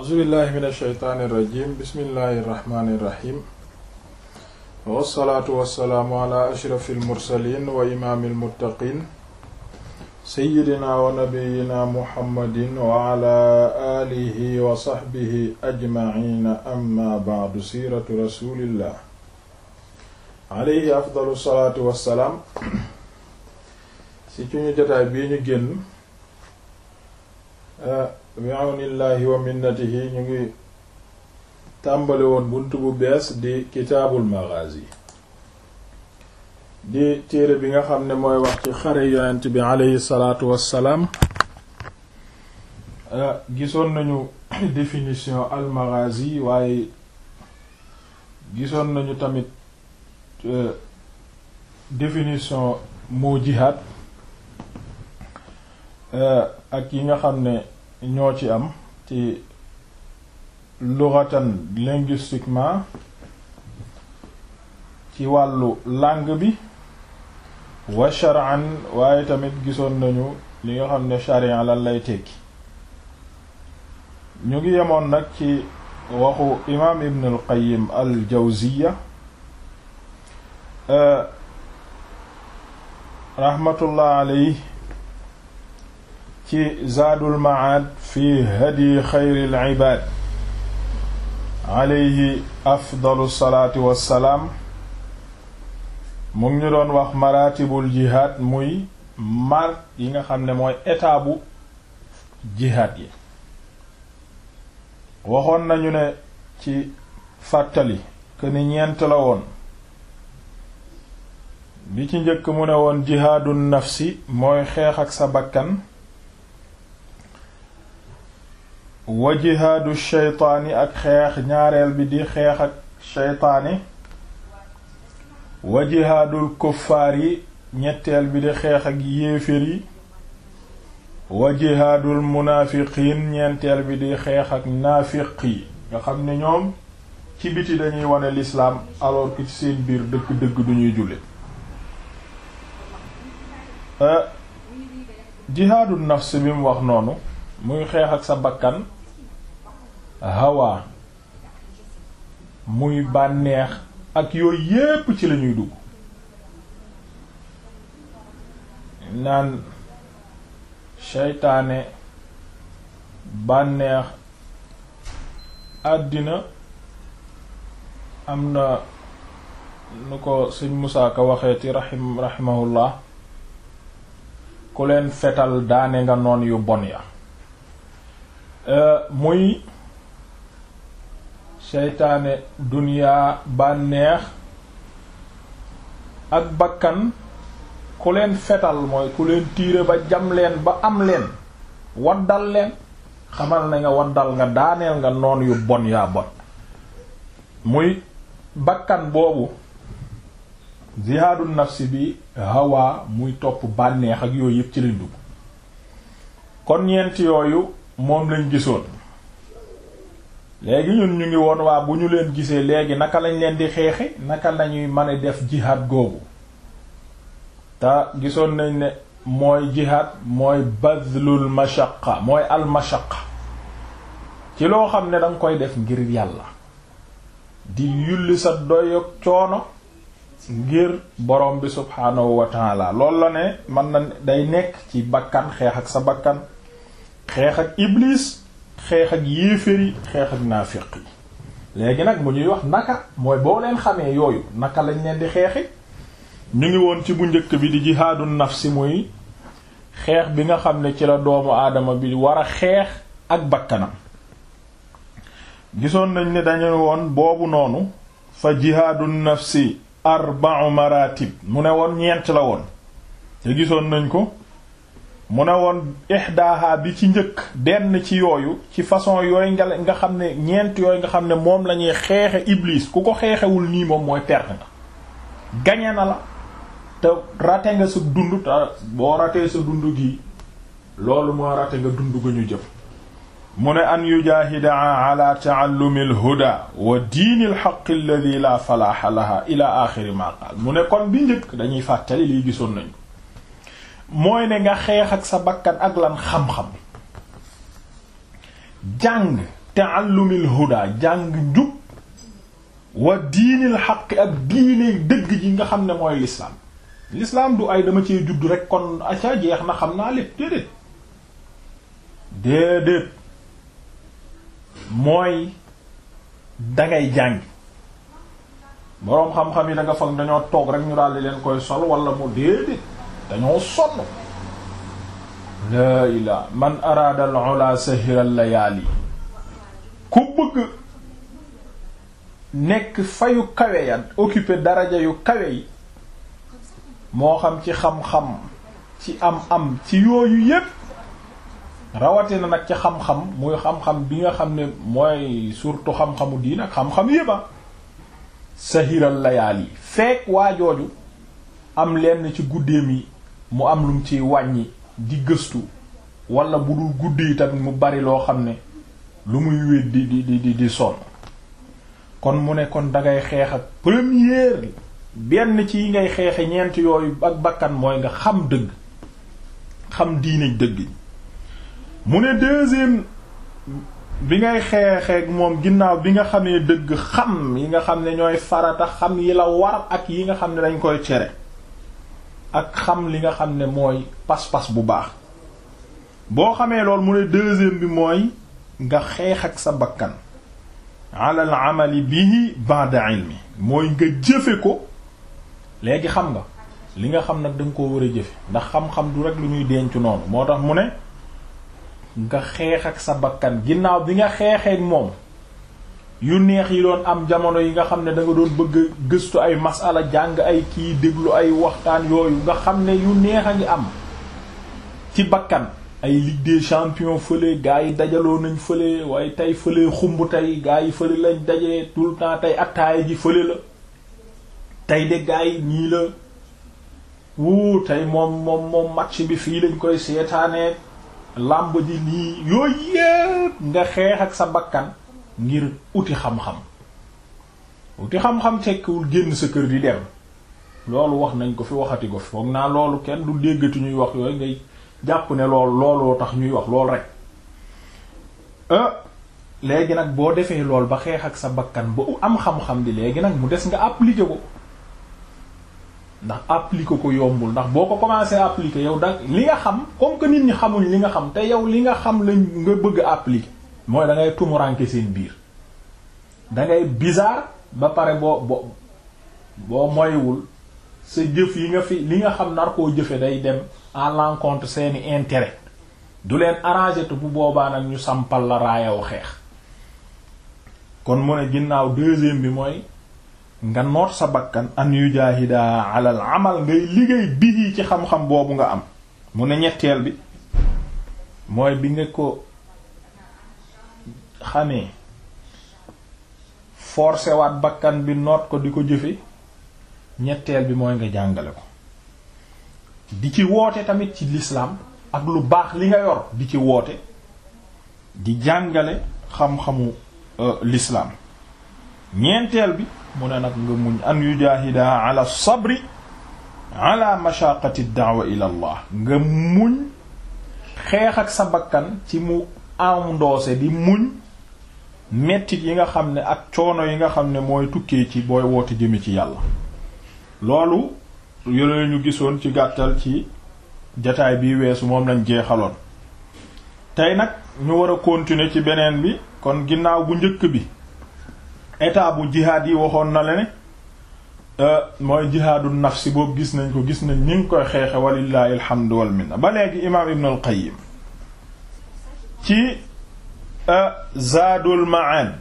auzubillahi min asheytaani irrajim bismillahi irrahmani irrahim wassalaatu wassalaamu ala ashrafi almursalin wa imaami almuttaqin seyidina wa nabiyina muhammadin wa ala alihi wa saxbihi ajmaciina amma bacdu siiratu rasulillah alayhi afdalu salaatu wassalaam si ci ñu jotaay bii ñu génn bi àwnillaahi wa minnatihi ñu ngi tàmbali woon bunt bu bees di kitaabul maghazi di téere bi nga xam ne mooy wax ci xare yonent bi aleyhi salaatu wassalaam ah, gisoon nañu définition al maghazi waaye gisoon nañu tamit euh, définition moo jihaad euh, ak yi nga xam ne ñoo ci am ci lughatan linguistiquement ci wàllu langue bi wa shar'an waaye tamit gisoon nañu li nga xam ne sharia lan lay tekki ñu ngi yemoon nag ci waxu imaam ibn al qayyim al jawziya eh, rahmatullah alayhi ci zaadul maad fi hadyi xayril ibaad alayhi afdalu salaatu wassalaam mu ngi doon wax maratibul jihaad muy mar yi nga xam ne mooy état jihaad yi waxoon nañu ne ci fàttali que ñeent la woon bi ci njëkk mu ne woon jihaadun nafsi mooy xeex ak sa bakkan wa jihaadu sheytaani ak xeex ñaareel bi di xeex ak sheytaani wa jihaadul kuffaar yi ñetteel bi di xeex ak yéeféer yi wa jihaadul munaafiqiin ñeenteel bi di xeex ak naafiq yi nga xam ne ñoom ci biti dañuy wane lislaam alors que ci seen biir dëgg-dëgg duñuy julli euh, jihaadul nafs bi wax noonu muy xeex ak sa bakkan hawa muy bànneex ak yooyu yépp ci lañuy dugg naan seytaane bànneex àddina am na nu ko sëñ Musaa ko waxee ci rahim rahimahullah ku leen fetal daane nga noon yu bon ya euh, muy seytaane duniyaa bànneex ak bakkan ku leen fetal mooy ku leen tiire ba jam leen ba am leen waddal leen xamal na nga waddal nga daaneel nga noon yu bon yaa bon muy bakkan boobu zihaadul nafsi bi hawa muy topp bànneex ak yooyu yëpp ci lañ dugg kon ñeent yooyu moom lañ gisoon léegi ñun ñu ngi woon waa bu ñu leen gisee léegi naka lañ leen di xeexi naka lañuy mën def jihad googu te gisoon nañ ne mooy jihad mooy badlul mashaqqa mooy al machaq ci loo xam ne danga koy def ngir yàlla di yulli sa doyog coono ngir borom bi subhaanahu wa taala loolu la ne mën na day nekk ci bakkan xeex ak sa bakkan xeex ak iblis xeex ak yii yi xeex ak naafiq yi léegi nag bu ñuy wax naka mooy boo leen xamee yooyu naka lañ leen di xeexi ñu ngi woon ci bu njëkk bi di jihaadu nafsi muy xeex bi nga xam ne ci la doomu aadama bi war a xeex ak bakkanam gisoon nañ ne dañu woon boobu noonu fa jihaadu nafsi arba'u maratib mu ne woon ñeent la woon te gisoon nañ ko mu ne woon ihdaaha bi ci njëkk benn ci yooyu ci façon yooyu nga nga xam ne ñeent yooyu nga xam ne moom lañuy ñuy xeexe iblis ku ko xeexewul nii moom mooy perte nga gañe na la te rate nga sa dund te boo ratee sa dund gi loolu moo rate nga dund gu ñu jëm mu ne an yujaahida ala taallumi alhuda wa diini alxaq alladi la falaaxa laha ila axiri ma mu ne kon bi njëkk dañuy fàttali liy gisoon nañu mooy ne nga xeex ak sa bakkan ak lan xam-xam jàng ta'allumil huda jàng njub wa diinil xaq ak diine dëgg ji nga xam ne mooy lislaam lislaam du ay dama cee judd rek kon aca jeex na xam naa lépp déedéet déedéet mooy dangay jàng boroom xam-xam yi da nga foog dañoo toog rek ñu daal leen koy sol wala moo déedéet dañoo sonn laa ilaa man araada al ula sahiral layaali ku bëgg nekk fayu kawe ya occupé daraja yu kawe yi moo xam ci xam-xam ci am-am ci yooyu yépp rawatina nag ci xam-xam muy xam-xam bi nga xam ne mooy surtout xam-xamu diin ak xam-xam yépp a ah. sahiral layaali feek waa jooju am lenn ci guddeem yi mu am lum ci wàññi di gëstu wala bu dul guddi tamit mu bari loo xam ne lu muy wéet di di di di sonn kon mu ne kon dangay xeex ak première benn ci yi ngay xeexe ñeent yooyu ak bakkan mooy nga xam dëgg xam diine dëgg mu ne deuxième bi ngay xeexeek moom ginnaaw bi nga xamee dëgg xam yi nga xam ne ñooy farata xam yi la war ak yi nga xam ne dañ koy cere ak xam li nga xam ne mooy pas-pas bu baax boo xamee lool mu ne deuxième bi mooy nga xeex ak sa bakkan ala al amali bihi ba'da ilmi mooy nga jëfe ko léegi xam nga li nga xam nag danga ko war a jëfe ndax xam-xam du rek lu ñuy denc noonu moo tax mu ne nga xeex ak sa bakkan ginnaaw bi nga xeexeek moom yu neex yi doon am jamono yi nga xam ne da doon bëgg gëstu ay masala jàng ay kii déglu ay waxtaan yooyu nga xam ne yu neex a ngi am ci bakkan ay Ligue des champions fële gars yi dajaloo nañ fële waaye tey fële xumb tey gars yi fële lañ daje tout le temps tey attaaya ji fële la tey de gars yi ñii la wuu tey moom moom match bi fii lañ koy seetaanee làmb ji nii yooyu yépp nga xeex ak sa bakkan ngir uti xam-xam uti xam-xam tekkiwul génn sa kër di dem loolu wax nañ ko fi waxati ko foog naa loolu kenn du déggati ñuy wax yooyu ngay jàpp ne lool looloo tax ñuy wax lool rek euh, léegi nag boo defee lool ba xeex ak sa bakkan ba am xam-xam di léegi nag mu des nga appliquer ko ndax appliquer ko yombul ndax boo ko commencé appliquer yow da li nga xam comme que nit ñi xamuñ li nga xam te yow li nga xam lañ nga bëgg a mooy da ngay tumuranke seen biir dangay ngay ba pare boo bo boo moywul sa jëf yi nga fi li nga xam nar koo jëfe day dem à l'encontre seeni intérêt du leen arrangé te bu boobaa nag ñu sampal la raayaw xeex kon mu ne ginnaaw deuxième bi mooy nga noot sa bakkan an yujaahida alal amal ngay liggéey bii ci xam-xam boobu nga am mu ne ñetteel bi mooy bi nga ko xamee forcé waat bakkan bi noot ko di ko jëfe ñetteel bi mooy nga jàngale ko di ci woote tamit ci lislaam ak lu baax li nga yor di ci woote di jàngale xam-xamu euh, lislaam ñeenteel bi mu ne nag nga muñ an yujaahida ala sabri ala mashaqati daawa ila allah nga muñ xeex ak sa bakkan ci mu endossé di muñ mettit yi nga xam ne ak coono yi nga xam ne mooy tukkee ci booy woote jëme ci yàlla loolu yore ñu gisoon ci gàttal ci jataay bi weesu moom lañ jeexaloon tey nag ñu war a continuer ci beneen bi kon ginnaaw bu njëkk bi état bu jihaad yi waxoon na la ne euh, mooy jihaadu nafsi boobu gis nañ ko gis nañ ni ngi koy xeexe walillahi alhamdu ba léegi imaam ibn al qayyim ci zaadul ma'aad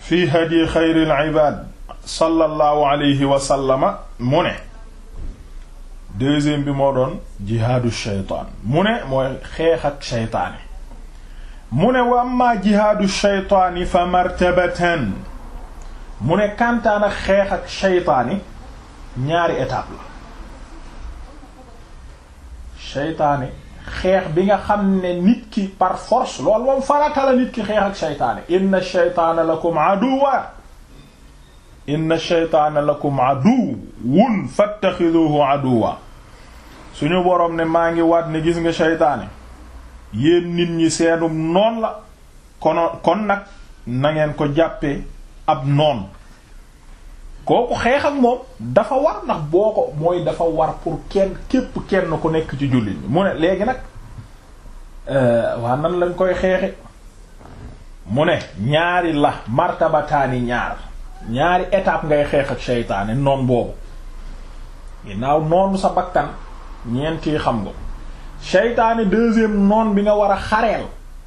fi hadi xayril ibaad sallallahu alayhi wa sallama mu ne deuxième bi moo doon jihaadu shaytaan mu ne mooy xeex ak shaytaani mu ne wa amma jihaadu shaytaani fa martabatan mu ne kantaan ak xeex ak shaytaani ñaari étape la shaytaani xeex bi nga xam ne nit ki par force loolu moom farata la nit ki xeex ak shaytaane inna shaytaana lakum aduwwa inna shaytaana lakum aduwwun fattaxiduhu aduwwa suñu boroom ne maa ngi waat ne gis nga shaytaane yéen nit ñi seenum noon la kono kon nag nangeen ko jàppee ab noon kooku xeex ak moom dafa war ndax boo ko mooy dafa war pour kenn képp kenn ku nekk ci jullit ñi mu ne léegi nag euh, waa nan lañ koy xeexe mu ne ñaari la martabataani ñaar ñaari étape ngay xeex ak seytaane noon ginnaaw noonu sa bakkan ñeenti xam nga seytaane deuxième noon bi nga war a xareel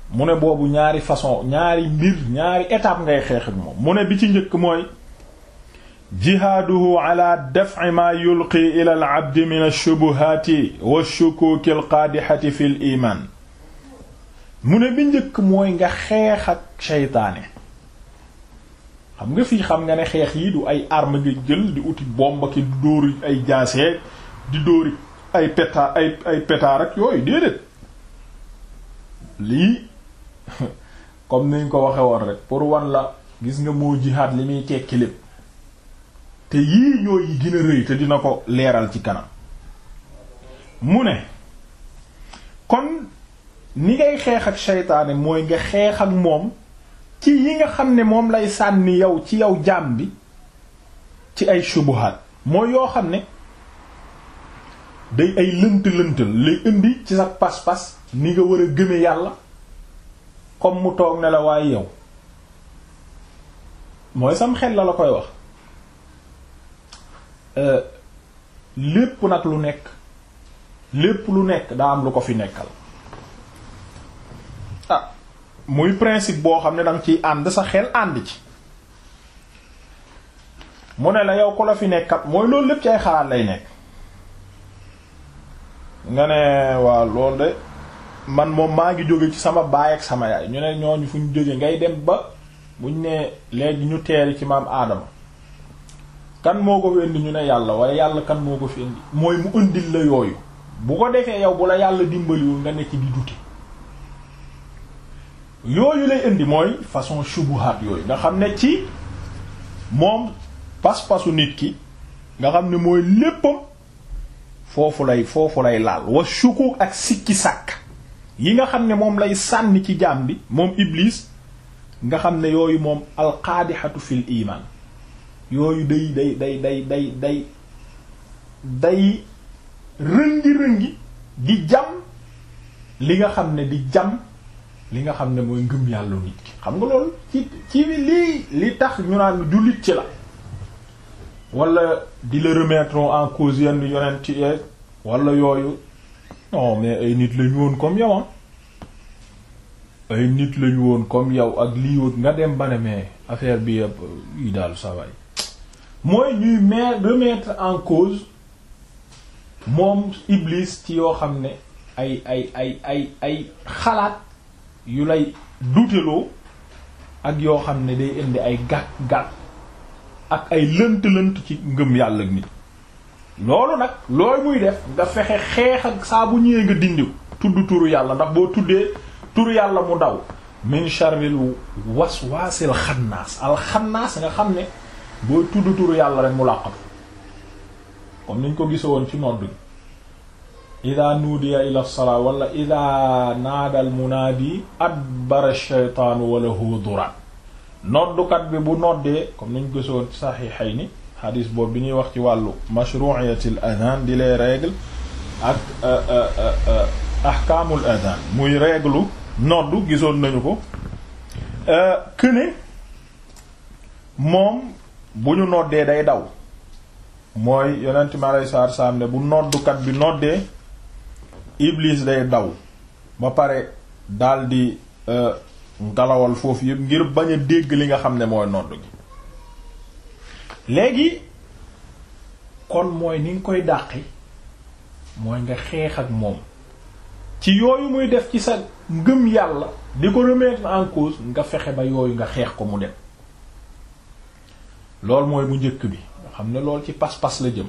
mu ne boobu ñaari façon ñaari mbir ñaari étape ngay xeex ak moom mu ne bi ci njëkk mooy jihaaduhu ala daf'i maa yulqi ila abdi min ash-shubuhaati wash-shukuuki al-qaadihati fi al-iimaan mu ne bi njëkk mooy nga xeex ak seytaane xam nga fii xam nga ne xeex yi du ay arme nga jël di uti bomba ki dóori ay jaase di dóori ay peta ay ay pétaar ak yooyu déedéet lii comme niñ ko waxe woon rek pour wan la gis nga moo jihaad li muy tekki lépp te yii ñoo yi gën a rëy te dina ko leeral ci kanam mu ne kon ni ngay xeex ak seytaane mooy nga xeex ak moom ci yi nga xam ne moom lay sànni yow ci yow jaam bi ci ay shubuhaat mooy yoo xam ne day ay lënt lëntal lay indi ci sa pas-pas ni nga war a gëme yàlla comme mu toog ne la waaye yow mooy sam xel la la koy wax Euh, lépp nag lu nekk lépp lu nekk daa am lu ko fi nekkal ah muy principe boo xam ne danga ciy ànd sa xel ànd ci mu ne la yow ko la fi nekkal mooy loolu lépp ci ay xalaat lay nekk nga ne waaw loolu de man moom maa ngi jóge ci sama baay ak sama yaay ñu ne ñooñu fu ñu jóge ngay dem ba buñ ne léegi ñu teeri ci maam aadama kan moo ko fi indi ñu ne yàlla waaye yàlla kan moo ko fi indi mooy mu indil la yooyu bu ko defee yow bu la yàlla dimbaliwul nga nekk di dute yooyu lay indi mooy façon shubuhat yooyu nga xam ne ci moom pas-pasu nit ki nga xam ne mooy léppam foofu lay foofu lay laal wa shukuk ak sikki sàkk yi nga xam ne moom lay sànni ci jaam bi moom iblis nga xam ne yooyu moom alqaadixatu fil imaan yooyu day day day day day day day rëngi-rëngi di jam li nga xam ne di jam li nga xam ne mooy ngëm yàlla nit ki xam nga loolu ci ci lii li tax ñu naan jullit ci la wala di la remettre en cause yenn yonent ci wala yooyu non mais ay nit lañu woon comme yow am ah. ay nit lañu woon comme yow ak lii wut nga dem ba mais affaire bi euh, yi daal saa waay mooy ñuy mais remettre en cause moom Iblis ci yoo xam ne ay ay ay ay ay xalaat yu lay duuteloo ak yoo xam ne day indi ay gàkk-gàkk ak ay lënt-lënt ci ngëm yàlla ak nit loolu nag looy muy def nga fexe xeex ak saabu bu ñëwee nga dindi tudd turu yàlla ndax boo tuddee turu yàlla mu daw min sharril waswasil xannaas al xannaas nga xam ne boo tudd turu yàlla rek mu làqatu comme niñ ko gisoon ci nodd gi ida nuudiya ila salaa wala ida naadal munaadi adbara shaytaanu wala huuduran noddukat bi bu noddee comme niñ ko gisoon ci saxiixayni xadis boobu bi ñuy wax ci wàllu mashru'iyatil adhan di les règles ak euh, euh, euh, ahkaamul adhan muy règlu noddu gisoon nañu ko këne moom bu ñu noddee day daw mooy yonent mi aleyhi salaatu bu noddukat bi noddee iblis day daw ba pare daldi euh, ngalawal foofu yëpp ngir bañ a dégg li nga xam ne mooy nodd gi léegi kon mooy ni nga koy dàqi mooy nga xeex ak moom ci yooyu muy def ci sa ngëm yàlla di ko remettre en cause nga fexe ba yooyu nga xeex ko mu dem lool mooy bu njëkk bi nga xam ne lool ci pas-pas la jëm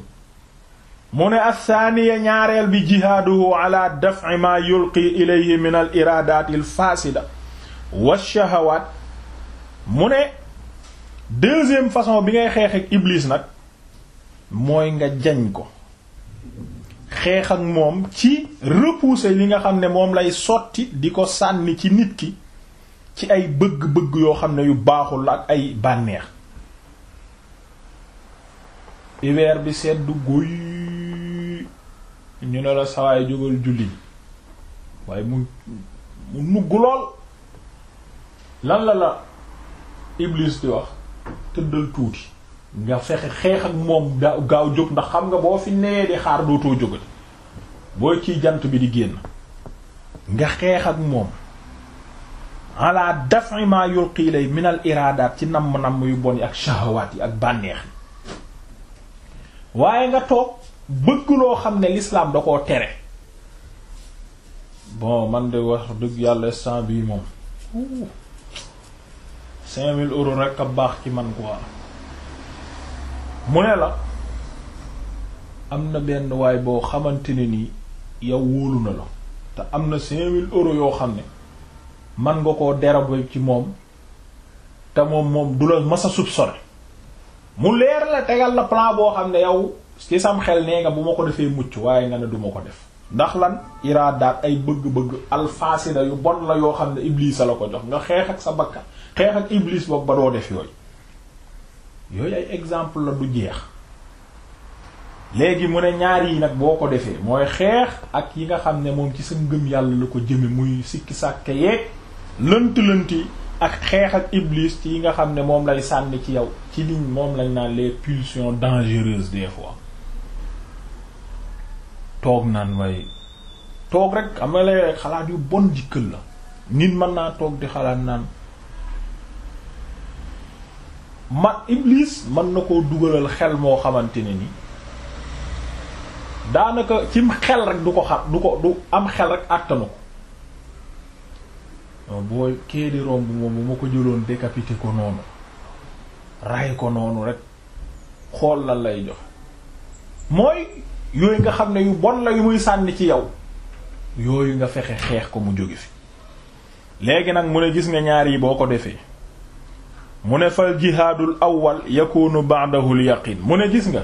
mu ne athaniya ñaareel bi jihaaduhu ala daf'i ma yulqi ilayhi min al iraadaati wa shahawaat mu ne deuxième façon bi ngay xeex ak iblis nag mooy nga jañ ko xeex ak moom ci repousser li nga xam ne moom lay sotti di ko sànni ci nit ki ci ay bëgg-bëgg yoo xam ne yu baaxul ak ay bànneex hiver bi sedd guy ñu ne la sawaay jógal julli waaye mu mu nugg lool lan la la iblis di wax tëddal tuuti nga fexe xeex ak moom gaaw jóg ndax xam nga boo fi newee di xaar dootoo jógal booy ciy jant bi di génn nga xeex ak moom ala daf'i ma yulqi lay min al ci namm-namm yu bon yi ak shahawaat yi ak bànneex waaye nga toog bëgg loo xam ne l'islam da koo tere bon man de wax dëgg yàlla instant bii moom cinq mille euros rek a baax ci man quoi mu ne la am na benn waay boo xamante ne nii yow wóolu na la te am na cinq mille euros yoo xam ne man nga koo derab ci moom te moom moom du la masa soupçonner mu leer la tegal na plan boo xam ne yow ci sam xel nee nga bu ma ko defee mucc waaye nga ne duma ko def ndax lan iraadaat ay bëgg-bëgg alfaasida yu bon la yoo xam ne iblis la ko jox nga xeex ak sa bakkan xeex ak iblis boobu ba doo def yooyu yooyu ay exemple la du jeex léegi mu ne ñaar yi nag boo ko defee mooy xeex ak yi nga xam ne moom ci sa ngëm yàlla la ko jëme muy sikki sàkke yeeg lënt-lënt yi ak xeex ak iblis ci yi nga xam ne moom lay sànni ci yow ci liñ moom lañ naa lee pulsions dangereuses des fois toog naan way toog rek am na xalaat yu bon dikkal la nit mën naa toog di xalaat naan ma iblis mën na koo dugalal xel moo xamante ne ni daanaka cim xel rek du ko xat du ko du am xel rek àttanu ko Euh, boo kee di romb moom bu ma ko jëloon décapité ko noonu ray ko noonu rek xool lan lay jox mooy yooyu nga xam ne yu bon la yu muy sànni ci yow yooyu nga fexe xeex ko mu jóge fi léegi nag mu gis nga ñaar boo ko defee mu ne fal jihaadul awwal yakunu ba'dahu al yaqin mu ne gis nga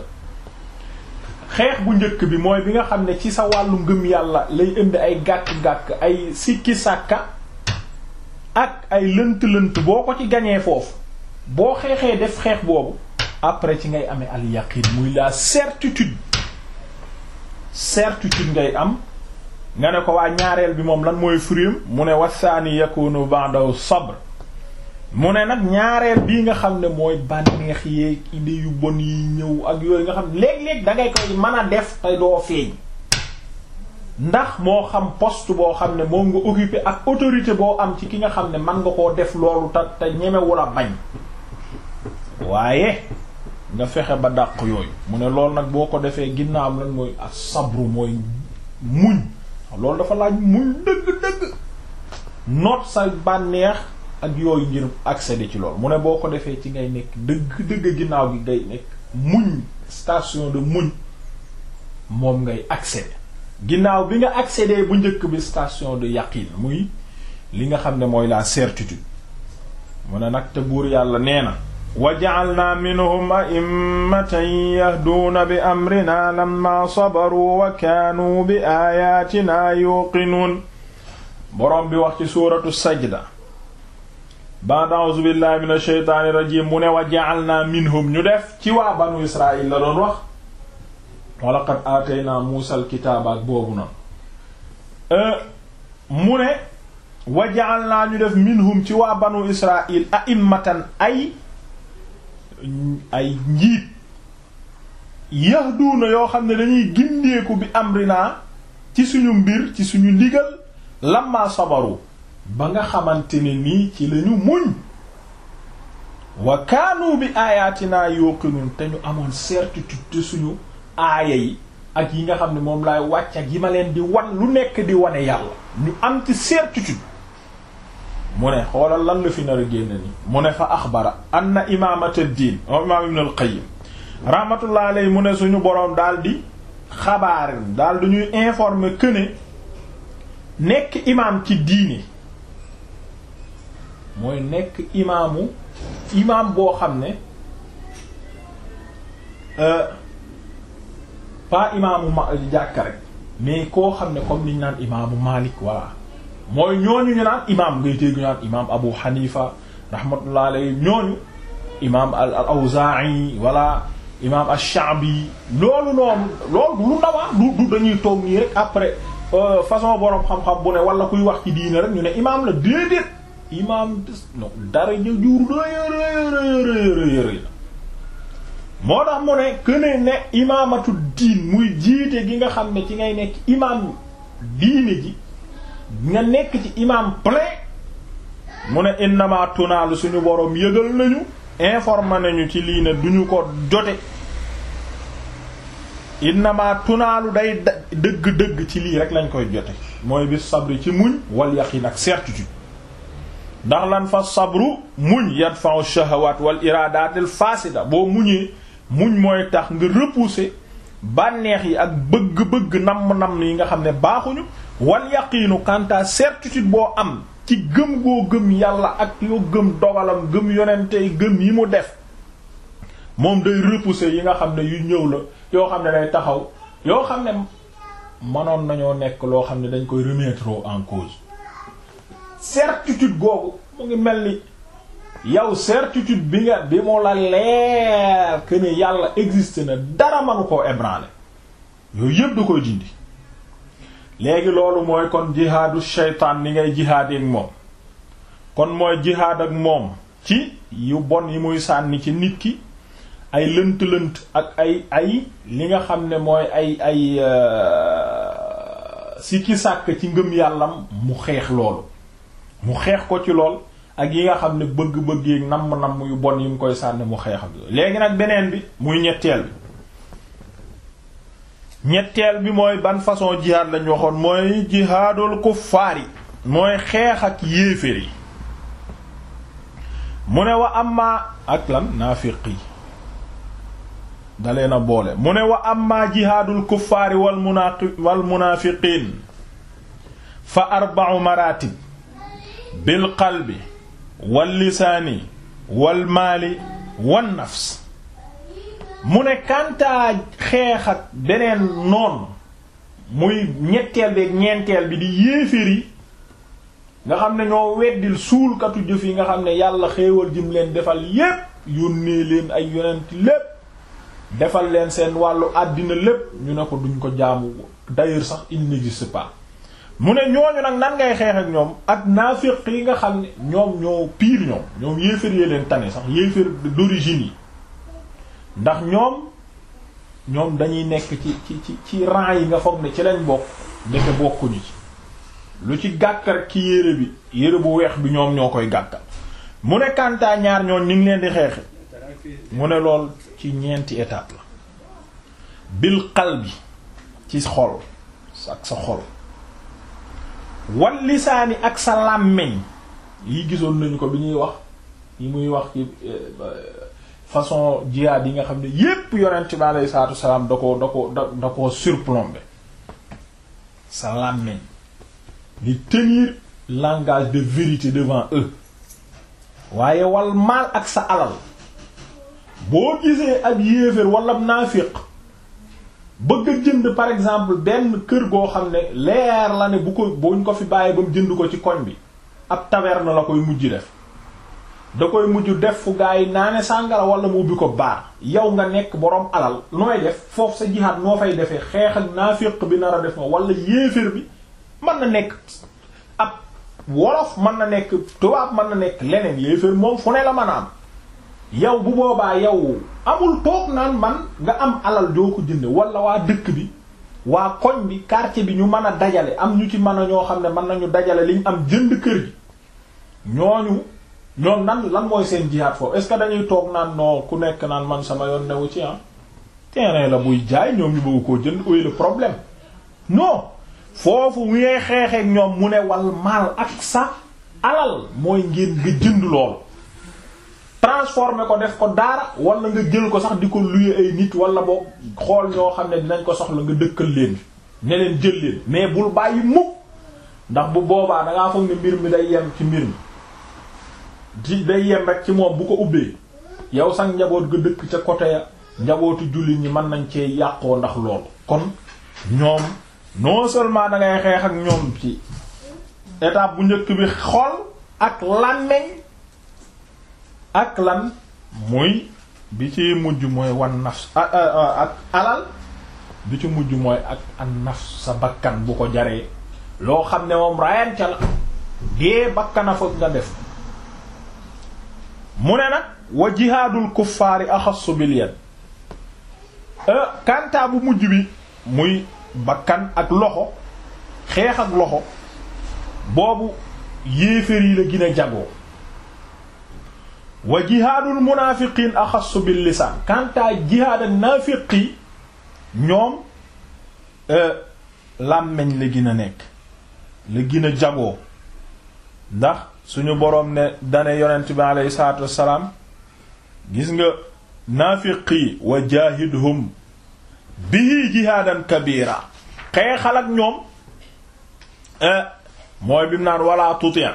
xeex bu njëkk bi mooy bi nga xam ne ci sa wàllu ngëm yàlla lay indi ay gàkk-gàkk ay sikki sàkka ak ay lënt-lënt boo ko ci gañee foofu boo xeexee def xeex boobu après ci ngay amee al muy la certitude certitude ngay am nga ne ko waa ñaareel bi moom lan mooy fruim mu ne wasaani yakunu ba'dahu sabr mu ne nag ñaareel bii nga xam ne mooy bànneex yeeg idée yu bon yi ñëw ak yooyu nga xam ne léeg-léeg da ngay koy mën a def te doo feeñ ndax moo xam poste boo xam ne moom nga occupé ak autorité boo am ci ki nga xam ne man nga koo def loolu te te ñemewu la bañ waaye nga fexe ba dàq yooyu mu ne loolu nag boo ko defee ginnaaw lan mooy ak sabru mooy muñ loolu dafa laaj muñ dëgg-dëgg noot sa bànneex ak yooyu ngir accéder ci loolu mu ne boo ko defee ci ngay nekk dëgg-dëgg ginnaaw gi ngay nekk muñ station de muñ moom ngay accéder ginnaaw bi nga accédé bu njëkk bi station de yaqin muy li nga xam ne mooy la certitude mu ne nag te buur yàlla nee na wa ja'alna minhum a'immatan yahduuna bi amrina lamma sabaru wa kaanu bi aayatina yuqinuun boroom bi wax ci suuratu sajda ba'd a'uuzu billahi minash shaytaanir rajiim mu ne wa ja'alna minhum ñu def ci waa banu israil la doon wax walaqad aataynaa Muusaa al-kitaaba boobu na euh, mu ne wa ja'alnaa ñu def minhum ci waa banu Israaïl a'immatan ay ay njiit yahduuna yoo xam ne dañuy gindeeku bi amrina ci suñu mbir ci suñu ndigal lamma sabaru ba nga xamante ni nii ci lañu muñ wa kaanu bi aayaatinaa yuuqinuun te ñu amoon certitude suñu aaya yi ak yi nga xam ne moom laay wàcc ak yi ma leen di wan lu nekk di wane yàlla ñu am ci certitude mu ne xoolal lan la fi nar génn ni mu ne fa axbara anna imaamata diin moom imaam ibn al qayyim rahmatullah alayhi mu ne suñu boroom daal di xabaar daal du ñuy informer que nekk imaam ci diine mooy nekk imaamu imaam boo xam ne euh, pas imaamu ma euh, jàkka rek mais koo xam ne comme niñ naan imaamu Malik voilà mooy ñooñu ñu naan imaam ngay dégg ñu naan imaam Abu Hanifa rahmatullah alayhi ñooñu imaam al Awzaa'i voilà imaam ash-Sha'bi loolu loolu lu ndawaa ah, du dañuy toog nii rek après euh, façon borom xam-xam bu ne wala kuy wax ci diine rek ñu ne imaam la déedéet imaam des dara ñu jur rëy rëy rëy rëy moo tax mu ne këne ne imaamatu diin muy jiite gi nga xam ne ci ngay nekk imaam diine ji nga nekk ci imaam plein mu ne innama tunaalu suñu boroom yëgal nañu informé nañu ci lii ne duñu ko jote innama tunaalu day dëgg-dëgg ci lii rek lañ koy jote mooy bis sabri ci muñ wal yaqin ak certitude ndax lan fa sabru muñ yadfa'u shahawat wal iradatil fasida boo muñee muñ mooy tax nga repousser bànneex yi ak bëgg-bëgg namm-namm yi nga xam ne baaxuñu wal yaqiinu kanta certitude boo am ci gëm goo gëm yàlla ak yoo gëm dogalam gëm yonente gëm yi mu def moom day repousser yi nga xam ne yu ñëw la yoo xam ne day taxaw yoo xam ne mënoon nañoo nekk loo xam ne dañ koy remettre en cause certitude googu mu ngi mel ni yow certitude bi nga bi mu la leer que ne yàlla existe na dara manu koo ébranler yooyu yëpp du koy dindi léegi loolu mooy kon jihaadu shaytaan ni ngay jihaadi ak moom kon mooy jihaad ak moom ci yu bon yi muy sànni ci nit ki ay lënt-lënt ak ay ay li nga xam ne mooy ay ay euh, si ki sàkk ci ngëm yàllam mu xeex loolu mu xeex ko ci lool ak yi nga xam ne bëgg-bëgg yi namm-namm yu bon yi mu koy sànni mu xeexam léegi nag beneen bi muy ñetteel bi ñetteel bi mooy ban façon jihaad lañ waxoon mooy jihaadul kuffaar yi mooy xeex ak yéeféer yi mu ne wa amma ak lan naafiq dalee na boole mu ne wa amma jihaadul kuffaari wal munaafiqiin fa arba'u maraatib bil qalbi wal lisaani wal maali wan nafs mu ne kantaa xeex ak beneen noon muy ñetteel beeg ñeenteel bi di yéeféer yi nga xam ne ñoo weddil suulkatu jëf yi nga xam ne yàlla xéewal jim leen defal yépp yónnee leen ay yonent lépp defal leen seen wàllu àddina lépp ñu ne ko duñ ko jaamu d'ailleurs sax il n'existe pas mu ne ñooñu nag nan ngay xeex ak ñoom ak naafiq yi nga xam ne ñoom ñoo piir ñoom ñoom yéefér yee leen tane sax yéefér d'origine yi ndax ñoom ñoom dañuy nekk ci ci ci ci yi nga foog ne ci lañ bokk ndeke bokkuñu ci lu ci gàkk rek ci yére bi yére bu weex bi ñoom ñoo koy gàkkal mu ne kantaa ñaar ñoon ñu ngi leen di xeexe mu ne lool ci ñeenti étape la bil qalbi ci xol ak sa xol wal lisaani ak sa làmmiñ yi gisoon nañu ko bi ñuy wax yi muy wax ci eh, façon jihaad yi nga xam ne yépp yonent bi aleyhi salaatu wasalaam da ko da ko da ko surplombé sa làmmiñ di tenir langage de vérité devant eux waaye wal maal ak sa alal boo gisee ab yéeféer wala ab naafiq bëgg a jënd par exemple benn kër goo xam ne leer la ne bu ko buñ ko fi bàyyi ba mu jënd ko ci koñ bi ab taverne la koy mujj def da koy mujj def fu gaa yi naane sàngara wala mu ubbi ko baax yow nga nekk boroom alal nooy def foofu sa jihaad noo fay defee xeex naa naafiq bi nar a def ma wala yéeféer bi mën na nekk ab wolof mën na nekk tubaab mën na nekk leneen yéeféer moom fu ne la mën a am yow bu boobaa yow amul toog naan man nga am alal joo ko jënd wala waa dëkk bi waa koñ bi quartier bi ñu mën a dajale am ñu ci mën a ñoo xam ne man nañu dajale liñ am jënd kër gi ñooñu ñoom nan lan mooy seen jihaad foofu est-ce dañuy toog naan noo ku nekk naan man sama yoon newu ci ah terrain la buy jaay ñoom ñu bëgg koo jënd oy le problème non foofu ngay xeexeek ñoom mu ne wal maal ak sa alal mooy ngeen nga jënd loolu transformer ko def ko daara wala nga jël ko sax di ko luye ay nit wala boo xool ñoo xam ne dinañ ko soxla nga dëkkal leen ne jël leen mais bul bàyyi mukk ndax bu boobaa dangaa foog ne mbir mi day yem ci mbir mi di day yem rek ci moom bu ko ubbee yow sax njaboot ga dëkk ca côté njabootu jullit ñi mën nañ cee yàqoo ndax loolu kon ñoom non seulement da xeex ak ñoom ci étape bu njëkk bi xol ak làmmeñ ak lan muy bi ci mujj mooy wan nafs ak alal bi ci mujj mooy ak ak nafs sa bakkan bu ko jaree loo xam ne moom rayante la dee bakkana foog nga def mu ne nag wa jihaadul kuffaari axassu bil yad e, kantaa bu mujj bi muy bakkan ak loxo xeex ak loxo boobu yéeféer yi la gën a jagoo wa jihaadul munaafiqiin axassu bil lisaan kantaa jihaad ak ñoom euh, làmmiñ la gën nekk la gën jagoo ndax suñu boroom ne dane yonent bi aleyhi salaatu wassalaam gis nga naafiqi wa jaahidhum bihi jihaadan kabira xeexal ak ñoom euh, mooy bi naan wala tuti'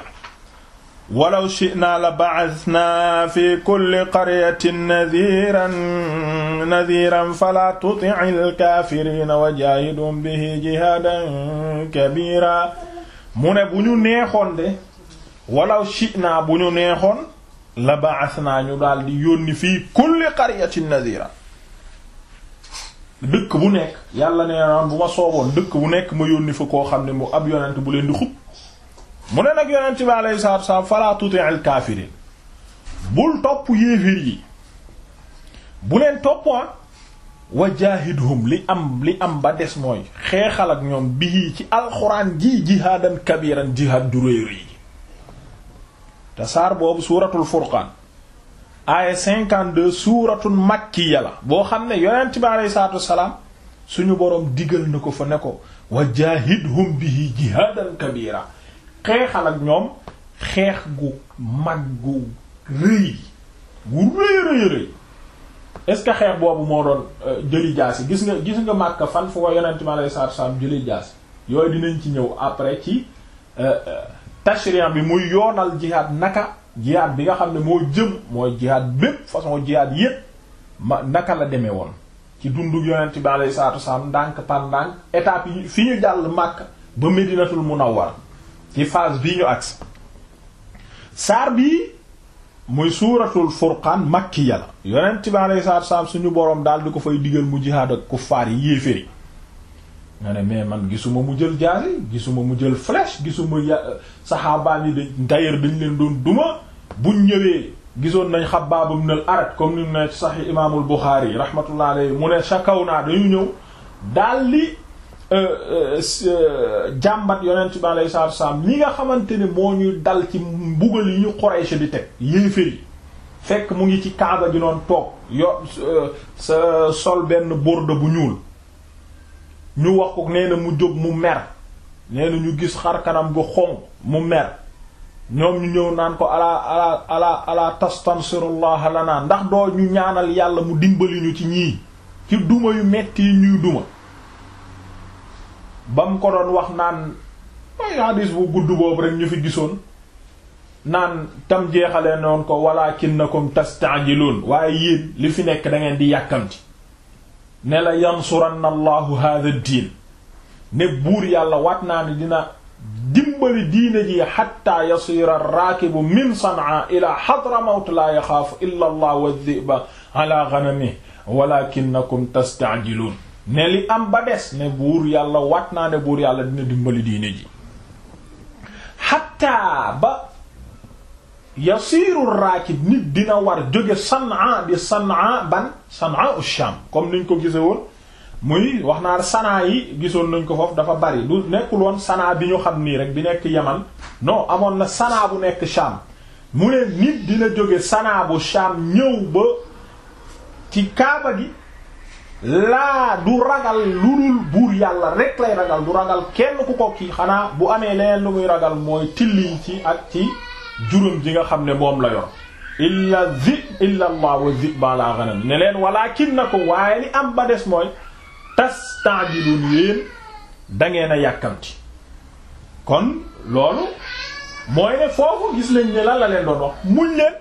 walaw shi'naa la ba'athnaa fi kulli qaryatin nadhiran nadhiran falaa tuti'il kaafiriina wa jaahidhum bihi jihaadan kabiira mu ne bu ñu neexoon de walaw shi'naa bu ñu neexoon la ba'athnaa ñu daal di yónni fii kulli qaryatin nadhiran dëkk bu nekk yàlla nee na bu ma sooboon dëkk bu nekk ma yónni fa koo xam ne mu ab yonent bu leen di xub mu ne nag yonent bi alayhi salaatu wasalaam fala tuti'il kaafiriin bul topp yéeféer yi bu leen topp ah, wa jaahidhum li am li am ba des mooy xeexal ak ñoom bii ci alxuraan ji jihaadan kabiran jihaad du réy réy te saar boobu suuratul furqaan aaya suuratul makkiya la boo xam ne yonent bi alayhi salaatu suñu boroom digal na ko fa ne ko wa jaahidhum bihi jihaadan kabira xeexal ak ñoom xeex gu mag gu rëy gu rëy rëy rëy est-ce que xeex boobu moo doon euh, jëli jaasi gis nga gis nga Makka fan fu ko yonent mi alayhi salaatu salaam jëli jaasi yooyu dinañ ci ñëw après ci euh, euh, tashrian bi muy yoonal jihaad naka jihaad bi nga xam ne moo jëm mooy jihaad bépp façon jihaad yépp ma naka la demee woon ci dundug yonent bi alayhi salaatu salaam ndànk par ndànk étape yi fi ñu jàll Makka ba Medinatul Munawwar ci phase bii ñu agsi saar bii muy suuratul furqaan makkiya yàlla yonent bi alayhi salaatu salaam suñu boroom daal di ko fay digal mu jihaad ak kuffaar yi yéeféer yi nga ne mais man gisuma mu jël jaasi gisuma mu jël flèche gisuma ya saxaabaan yi dañ d'ailleurs dañ leen doon duma buñ ñëwee gisoon nañ Xabbaab ibn al-Arat comme ni mu ne saxi imaamul Buxaari rahmatullah alayhi mu ne shakaw naa dañu ñëw daldi Euh, euh, euh, jàmbat yonent bi alayhi salaatu wasalaam li nga xamante ne moo ñuy dal ci mbugal yi ñu Quraysh di teg yéeféer yi fekk mu ngi ci Kaaba ji noonu toog yo sol benn borde bu ñuul ñu wax ko nee na mu jóg mu mer nee na ñu gis xar kanam bu xonq mu mer ñoom ñu ñëw naan ko ala ala ala ala tastansirullah naan ndax doo ñu ñaanal yàlla mu dimbali ñu ci ñii ci duma yu metti yi ñuy duma ba mu ko doon wax naan mooy hadis bu gudd boobu rek ñu fi gisoon naan tam jeexalee noonu ko walaakinnakum tasta'jiluun waaye yéen li fi nekk da di yàkkamti ne la yansuranna allahu hadha ne buur yàlla wat naa ne dina dimbali diine ji xatta yasiira raakibu min sanaa ila hadramawt laa yaxaafu illa allah wa dhi'ba ala ghanamihi walaakinnakum ne li am ba des ne buur yàlla wat naa ne buur yàlla dina dimbali diine ji xatta ba yasiiru raakib nit dina war jóge sanaa di sanaa ban sanaa usham comme niñ ko gise woon muy wax naa sanaa yi gisoon nañ ko foofu dafa bari lu nekkul woon sanaa bi ñu xam nii rek bi nekk yaman non amoon na sanaa bu nekk sham mu ne nit dina jóge sanaa bu sham ñëw ba ci kaaba gi laa du ragal lu dul buur yàlla rek lay ragal du ragal kenn ku ko kii xanaa bu amee leneen lu muy ragal mooy tilli ci ak ci juróom ji nga xam ne moom la yor illa zi illa allah wa zi ba la ghanam ne leen walakin na ko waaye li am ba des mooy tastajiluun yéen dangeen a yàkkamti kon loolu mooy ne foofu gis lañ ne la leen doon muñ leen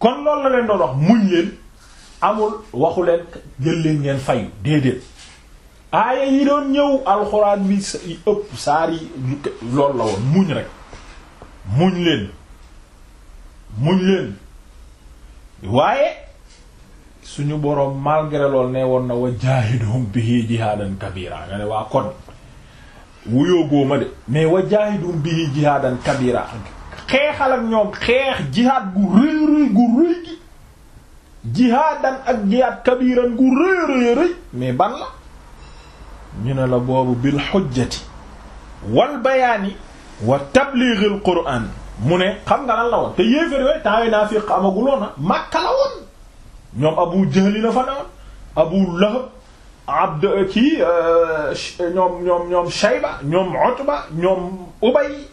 kon loolu la leen doon muñ leen amul waxu leen jël leen ngeen fay déedéet aaya yi doon ñëw alxuraan bi ëpp saar yi loolu la woon muñ rek muñ leen muñ leen waaye suñu boroom malgré lool ne woon na wa jaahidhum bihi jihaadan kabira nga ne waa kon wuyoogoo ma de mais wa jaahidhum bihi jihaadan kabira xeexal ak ñoom xeex jihaad gu rëy rëy gu rëy gi jihaadan ak jihaad kabiran gu rëy rëy mais ban la ñu ne la boobu bil xujjati wal bayaani wa tablighil qur'aan mu ne xam nga lan la woon te yéefér yooyu temps naa fiq amaguloona ah. Makka la woon ñoom Abu Jahli la fa newoon Abu Lahab abd euh, kii euh, ñoom ñoom ñoom Shayba ñoom Utba ñoom Ubay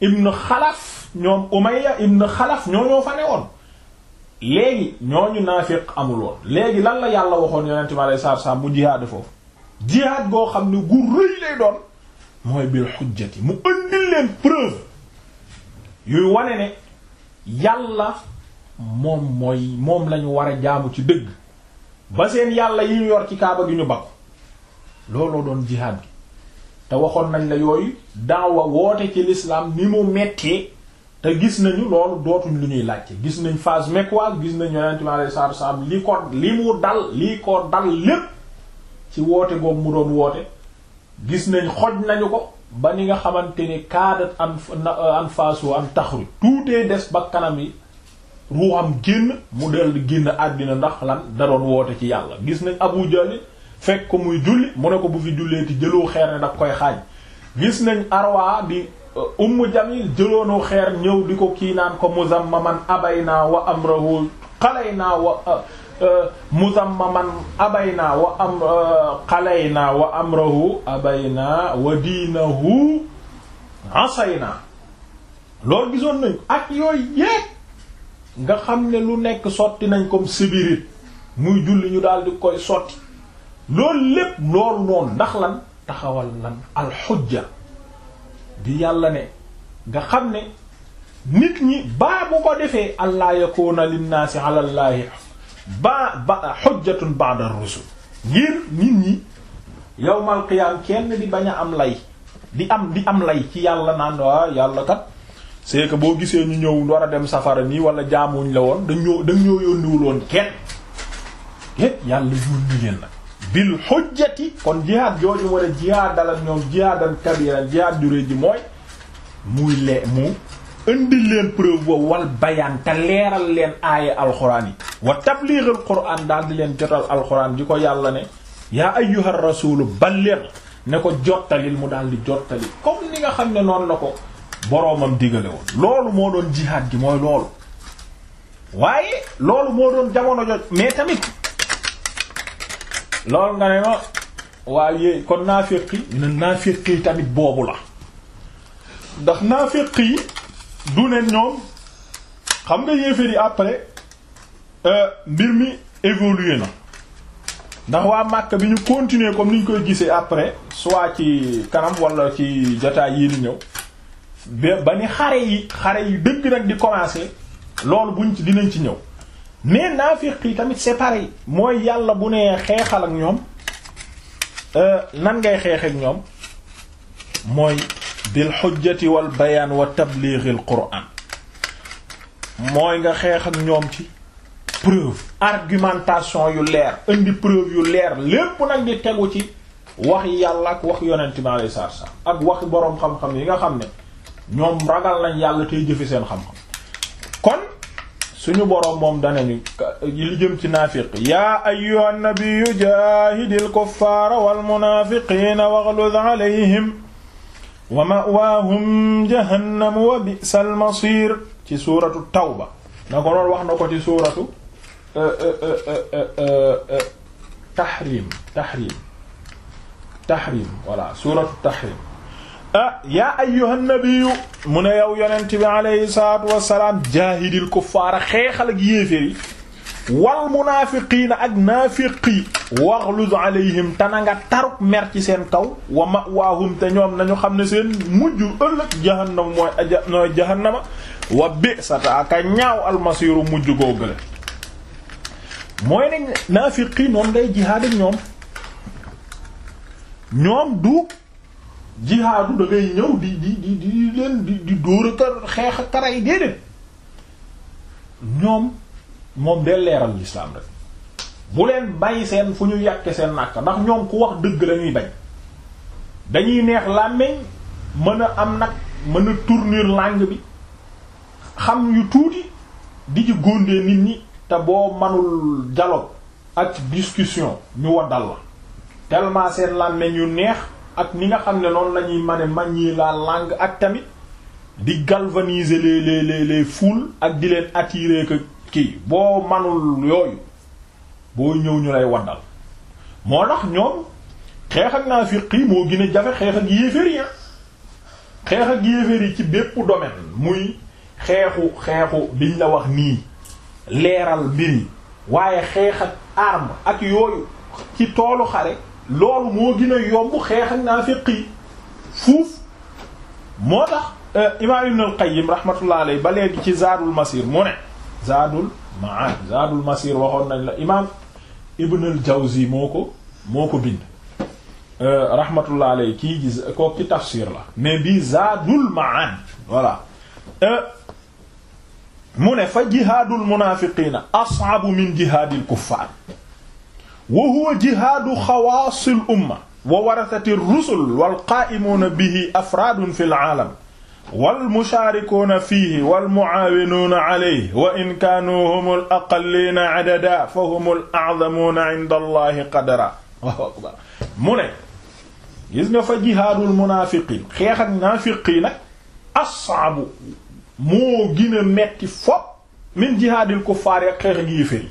ibn Xalaf ñoom Umayya ibn Xalaf ñoo ñoo fa léegi ñooñu naafiq amuloon léegi lan la yàlla waxoon yonent bi alayhi salaatu salaam mu jihaad foofu jihaad boo xam ne gu rëy lay doon mooy bil xujjati mu ëndil leen preuve yuy wane ne yàlla moom mooy moom lañu war a jaamu ci dëgg ba seen yàlla yi ñu yor ci kaaba gi ñu bakku looloo doon jihaad gi te waxoon nañ la yooyu daawa woote ci l'islam ni mu mettee te gis nañu loolu dootuñ lu ñuy laajte gis nañ phase mecquoise gis nañ yonent bi alayhi salaatu wasallam li ko li mu dal li ko dal lépp ci woote boobu mu doon woote gis nañ xoj nañu ko ba ni nga xamante ni kaadat an an fasu an taxru tuutee des ba kanam yi ruuxam génn mu del di génn àddina ndax lan da doon woote ci yàlla gis nañ Abu Jahl fekk ko muy julli mu ne ko bu fi jullee ti jëloo xeer ne daf koy xaaj gis nañ Arwa di Euh, ummu jamil jëloonu xeer ñëw di ko kii naan ko muzammaman abayna wa amrahu xalayna wa euh, euh, muzammaman abayna wa am xalayna wa amrahu abayna wa diinahu asayna loolu gisoon nañ ak yooyu yéeg nga xam ne lu nekk sotti nañ comme sibirit muy julli ñu daal di koy sotti loolu lépp loolu noonu ndax lan taxawal lan alxujja bi yàlla ne nga xam ne nit ñi baa bu ko defee allah yakuna linnaasi ala llaahi ba ba hujjatun ba'da ngir nit ñi yawmal qiyaam kenn di bañ a am lay di am di am lay ci yàlla naan waa yàlla kat c'est que boo gisee ñu ñëw war a dem safara nii wala jaamuñ la woon dañ ñoo dañ ñoo yónniwul woon kenn kenn yàlla yónni leen bil xujjati kon jihaad jooju war a jihaadal ak ñoom jihaadan kabiran jihaad ju rëy ji mooy muy lee mu indi leen preuve boobu wal bayaan te leeral leen aaya alxuraan yi wa tabliig alxuraan daal di leen jotal alxuraan ji ko yàlla ne yaa ayyuhar rasuulu balligh ne ko jottalil mu daal di jottali comme ni nga xam ne noonu la ko boroomam digale woon loolu moo doon jihaad gi mooy loolu waaye loolu moo doon jamono joj mais tamit loolu nga ne ma waaye kon naaféq yi ñu ne naaféq yi tamit boobu la ndax naaféq yi du ne ñoom xam nga yéeféer yi après euh, mbir mi évolué na ndax waa Màkka bi ñu continuer comme ni ñu koy gisee après soit ci kanam wala ci jotaay yii di ñëw ba ba ni xare yi xare yi dëgg nag di commencer loolu buñ ci dinañ ci ñëw mais naafiq yi tamit c'est pareil mooy yàlla bu nee xeexal ak ñoom euh, nan ngay xeex ak ñoom mooy bil xujjati wal bayaan wa tablighil qur'an mooy nga xeex ak ñoom ci preuve argumentation yu leer indi preuve yu leer lépp nag di tegu ci wax yàlla ak wax yonent mi alayhi salaatu ak wax boroom xam-xam yi nga xam ne ñoom ragal nañ yàlla tey jëfe seen xam-xam suñu boroom moom danañu li jëm ci naafiq yaa ayyuha nabiyyu jaahidil kuffaara wal munaafiqiina waghluz alayhim wa ma'waahum jahannamu wa bi'sal masiir ci suuratu tawba na ko loolu wax na ko ci suuratu e, e, e, tahrim tahrim tahrim voilà suuratu tahrim ah yaa ayyuhan nabiyyu mu ne yow yonent bi alayhi salaatu wassalaam jaahidil kuffaara xeexal ak yéeféer yi wal munaafiqiina ak naafiqi waxluz alayhim te na nga taruk mer ci seen kaw wa ma'waahum te ñoom nañu xam ne seen mujj ëllëg jahannam mooy aja mooy jahannama wa bi'sata aka ñaaw almasiiru mujj googale mooy ne naafiqi noonu ngay jihaad ak ñoom ñoom du jihaadu da ngay ñëw di di di leen di di dóor xeex a karay déedéet ñoom moom del leeral l'islam rek bu leen bàyyi seen fu ñu yàkke seen nàkk ndax ñoom ku wax dëgg la ñuy bañ dañuy neex làmmiñ mën a am nag mën a tournure làng bi xam yu tuuti di ci góondee nit ñi te boo manul dialogue ak discussion ñu waddal la tellement seen làmmiñ yu neex ak ni nga xam ne noonu la ñuy mën a manier la langue ak tamit di galvaniser les les les les foules ak di leen attirer que kii boo manul yooyu boo ñëw ñu lay waddal moo tax ñoom xeex ak naafiq yi moo gën a jafe xeex ak yéeféer yi ah. xeex ak yéeféer ci bépp domaine muy xeexu xeexu liñ la wax nii leeral bi yi waaye xeex ak arme ak yooyu ci toolu xare loolu moo gën a yomb xeex ak naafiq yi fuuf moo tax euh, imaam Ibn al-Qayyim rahmatullah alayhi ba léegi ci Zaadul Masir mu ne Zaadul Ma'aad Zaadul Masir waxoon nañ la imaam Ibn al-Jawzi moo ko moo ko bind euh, rahmatullah alayhi kii gis ko ci tafsir la mais bii Zaadul Ma'aad voilà euh, mu ne fa jihaadul munaafiqiina as'abu min jihaadil kuffaar wa huwa jihaadu xawaasil umma wa warasati rusul wal qaa'imuuna bihi afraadun fil aalam wal mushaarikuuna fiihi wal mu'aawinuuna alayhi wa in kaanuu humul aqalliina adadan fa humul a'zamuuna inda Allaahi qadaran mu ne gis nga fa jihaadul munaafiqiin xeex ak naafiqi nag as'abu moo gën a metti fopp min jihaadil kuffaar ak xeex ak yéeféer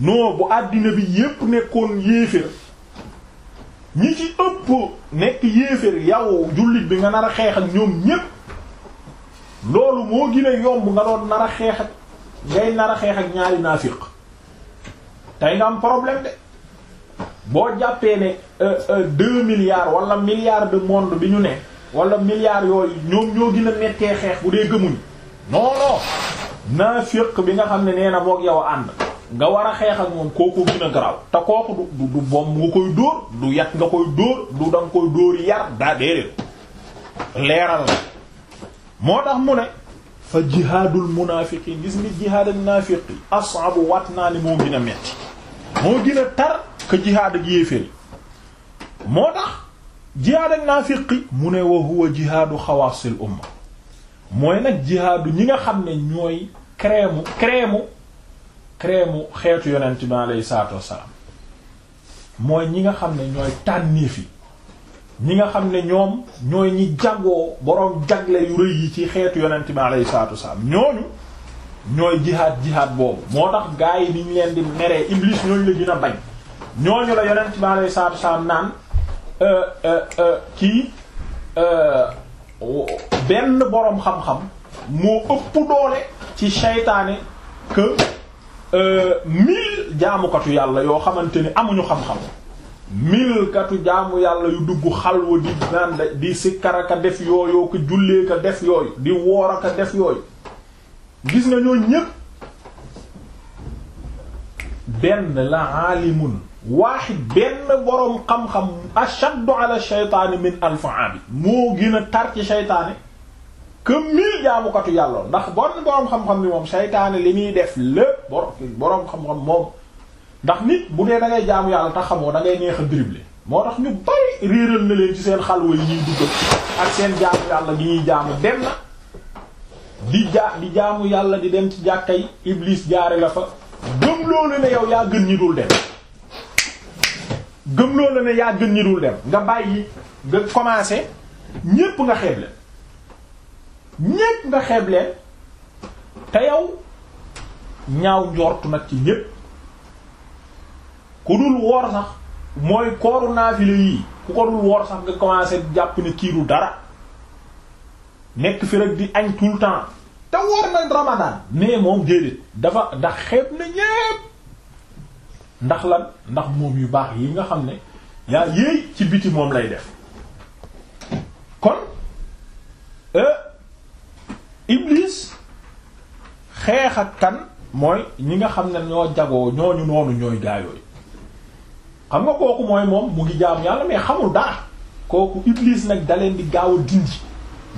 non bu àddina bi yépp nekkoon yéefér ñi ci ëpp nekk yéefér yow jullit bi nga nar a xeex ak ñoom ñépp loolu moo gën a yomb nga doon nar a xeex ak ngay nar a xeex ak ñaari naafiq tey nga am problème de boo jàppee ne euh, euh, deux milliards wala milliards de monde bi ñu ne wala milliards yooyu ñoom ñoo gën a mettee xeex bu dee gëmuñ non naafiq bi nga xam ne nee na mook yow a ànd nga war a xeex ak moom kooku gën a garaaw te kooku du du bomb nga koy dóor du yat nga koy dóor du da koy dóor yar daa déedéet leeral la moo tax mu ne fa jihaadul munaafiqiin gis nga jihaad ak naafiq asaabu wat naa ne moo gën metti moo gën tar que jihaad ak yéeféri moo tax jihaad ak mu ne wa huwa jihaadu xawaasil umma mooy nag jihaadu ñi nga xam ne ñooy crème crème crème xeetu yonent bi alayhi salaatu wassalaam mooy ñi nga xam ne ñooy tànniif yi ñi nga xam ne ñoom ñooy ñi jagoo boroom jagle yu rëy yi ci xeetu yonent bi alayhi salaatu wassalaam ñooñu ñooy jihaad jihaad boobu moo tax gaa yi ñu leen di meree iblis ñooñu la gën a bañ ñooñu la yonent bi alayhi salaatu wassalaam naan euh, euh, euh, kii benn boroom xam-xam moo ëpp doole ci seytaane que euh, mille jaamukatu yàlla yoo xamante ni amuñu xam-xam mille jaamu yàlla yu dugg xalwa di naan di sikkar aka def yooyu ko jullee ka def yooyu di woor aka def yooyu gis nga ñoo ñépp benn la aalimun waaxid benn boroom xam-xam ashaddu ala shaytaani min alfa abi moo gën a tar ci shaytaani que mille jaamukatu yàlla ndax bon boroom xam-xam ni moom seytaane li muy def lépp boroom xam-xam moom ndax nit bu dee da ngay jaamu yàlla tax xamoo da neex a dribbler moo tax ñu bari réeral na leen ci seen xalwa yi ñuy dugg ak seen jaamu yàlla gi ñuy jaamu dem na di ja di jaamu yàlla di dem ci jàkkay iblis jaare la fa gëm loolu ne yow yaa gën ñi dul dem gëm loolu ne yaa gën ñi dul dem nga bàyyi nga commencé ñépp nga xeeble ñépp nga xeeb leen te yow ñaaw njortu nag ci ñépp ku dul woor sax mooy kooru naafile yii ku ko dul woor sax nga commencé jàpp ni kii du dara nekk fi rek di añ tout le temps te woor na Ramadan mais moom déedéet dafa ndax xeeb na ñépp ndax lan ndax moom yu baax yi nga xam ne yaa yéey ci biti moom lay def kon euh Iblis xeex ak kan mooy ñi nga xam ne ñoo jagoo ñooñu noonu ñooy gaayooyu xam nga kooku mooy moom mu ngi jaam yàlla mais xamul dara kooku Iblis nag daleen di gaaw a dindi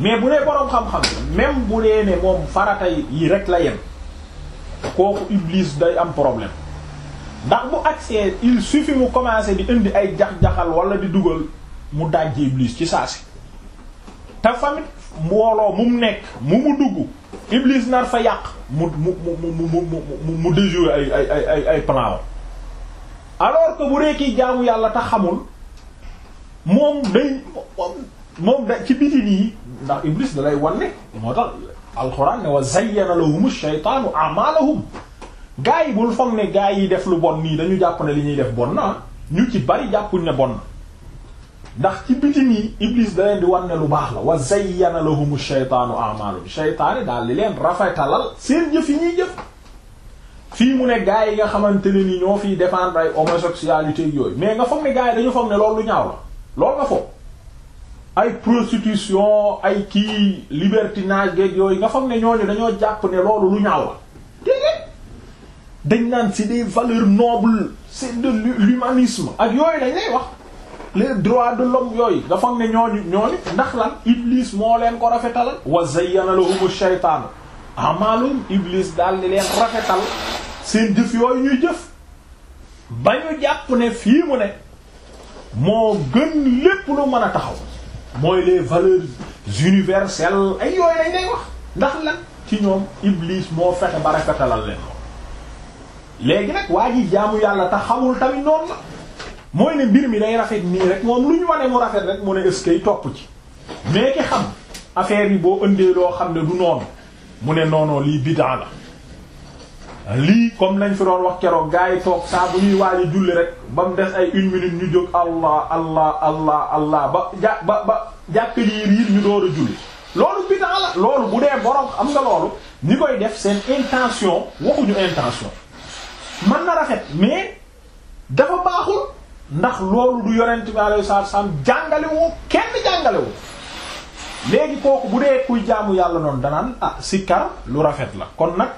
mais bu dee boroom xam-xam même bu dee ne moom farata yi rek la yem kooku Iblis day am problème ndax bu agse il suffit mu commencer di indi ay jax-jaxal wala di dugal mu dajji Iblis ci saa si te famit mbooloo mu mu nekk mu mu dugg Iblis nar fa yàq mu mu mu mu mu mu déjouer ay ay ay ay plan alors que bu reeki jaamu yàlla ta xamul moom day moom da ci biti nii ndax Iblis da lay wanne moo tax alxuraan ne wa zayyana lahumu shaytaanu a'maalahum gaa yi bul foog ne gaa yi def lu bon nii dañu jàpp ne li ñuy def bon na ñu ci bari jàppuñ ne bon na ndax ci biti nii Iblis da di wan ne lu baax la wa zayyana lahumu shaytaanu a'maalahum shaytaani daal li leen rafetalal seen jëf yi ñuy jëf fii mu ne gars yi nga xamante ne ni ñoo fiy défendre ay homosexualité yooyu mais nga foog ne gars yi dañu foog ne loolu lu ñaaw la loolu nga foog ay prostitution ay kii libertinage geeg yooyu nga foog ne ñooñu dañoo jàpp ne loolu lu ñaaw la déedéet dañ naan c'est des valeurs nobles c'est de l'humanisme ak yooyu dañ lay wax. les droit de l'homme yooyu nga foog ne ñoo ñooñu ndax lan Iblis moo leen ko rafetalal wa zayyana lahumu shaytaanu amaalum Iblis daal di leen rafetal seen jëf yooyu ñuy jëf ba ñu jàpp ne fii mu ne moo gën lépp lu mën a taxaw mooy les valeurs universelles ay yooyu lañ lay wax ndax lan ci ñoom Iblis moo fexe ba rafetalal leen léegi nag waa ji jaamu yàlla te xamul tamit noonu la mooy ne mbir mi day rafet nii rek moom lu ñu wane mu rafet rek mu ne est-ce que topp ci mais ki xam affaire yi boo ëndee loo xam ne du noonu mu ne noonoo lii bid'a la lii comme lañ fi doon wax keroog gars yi toog saabu bu ñuy waaj julli rek ba mu des ay une minute ñu jóg allah allah allah allah ba ja ba ba jàkk ji ñu door a julli loolu bid'a loolu bu dee borom am nga loolu ñi koy def seen intention waxuñu intention mën na rafet mais dafa baaxul ndax loolu du yonent bi alayhi salaatu wasallam jàngalewu kenn jàngalewu léegi kooku bu dee kuy jaamu yàlla noonu danaan ah sikkar lu rafet la kon nag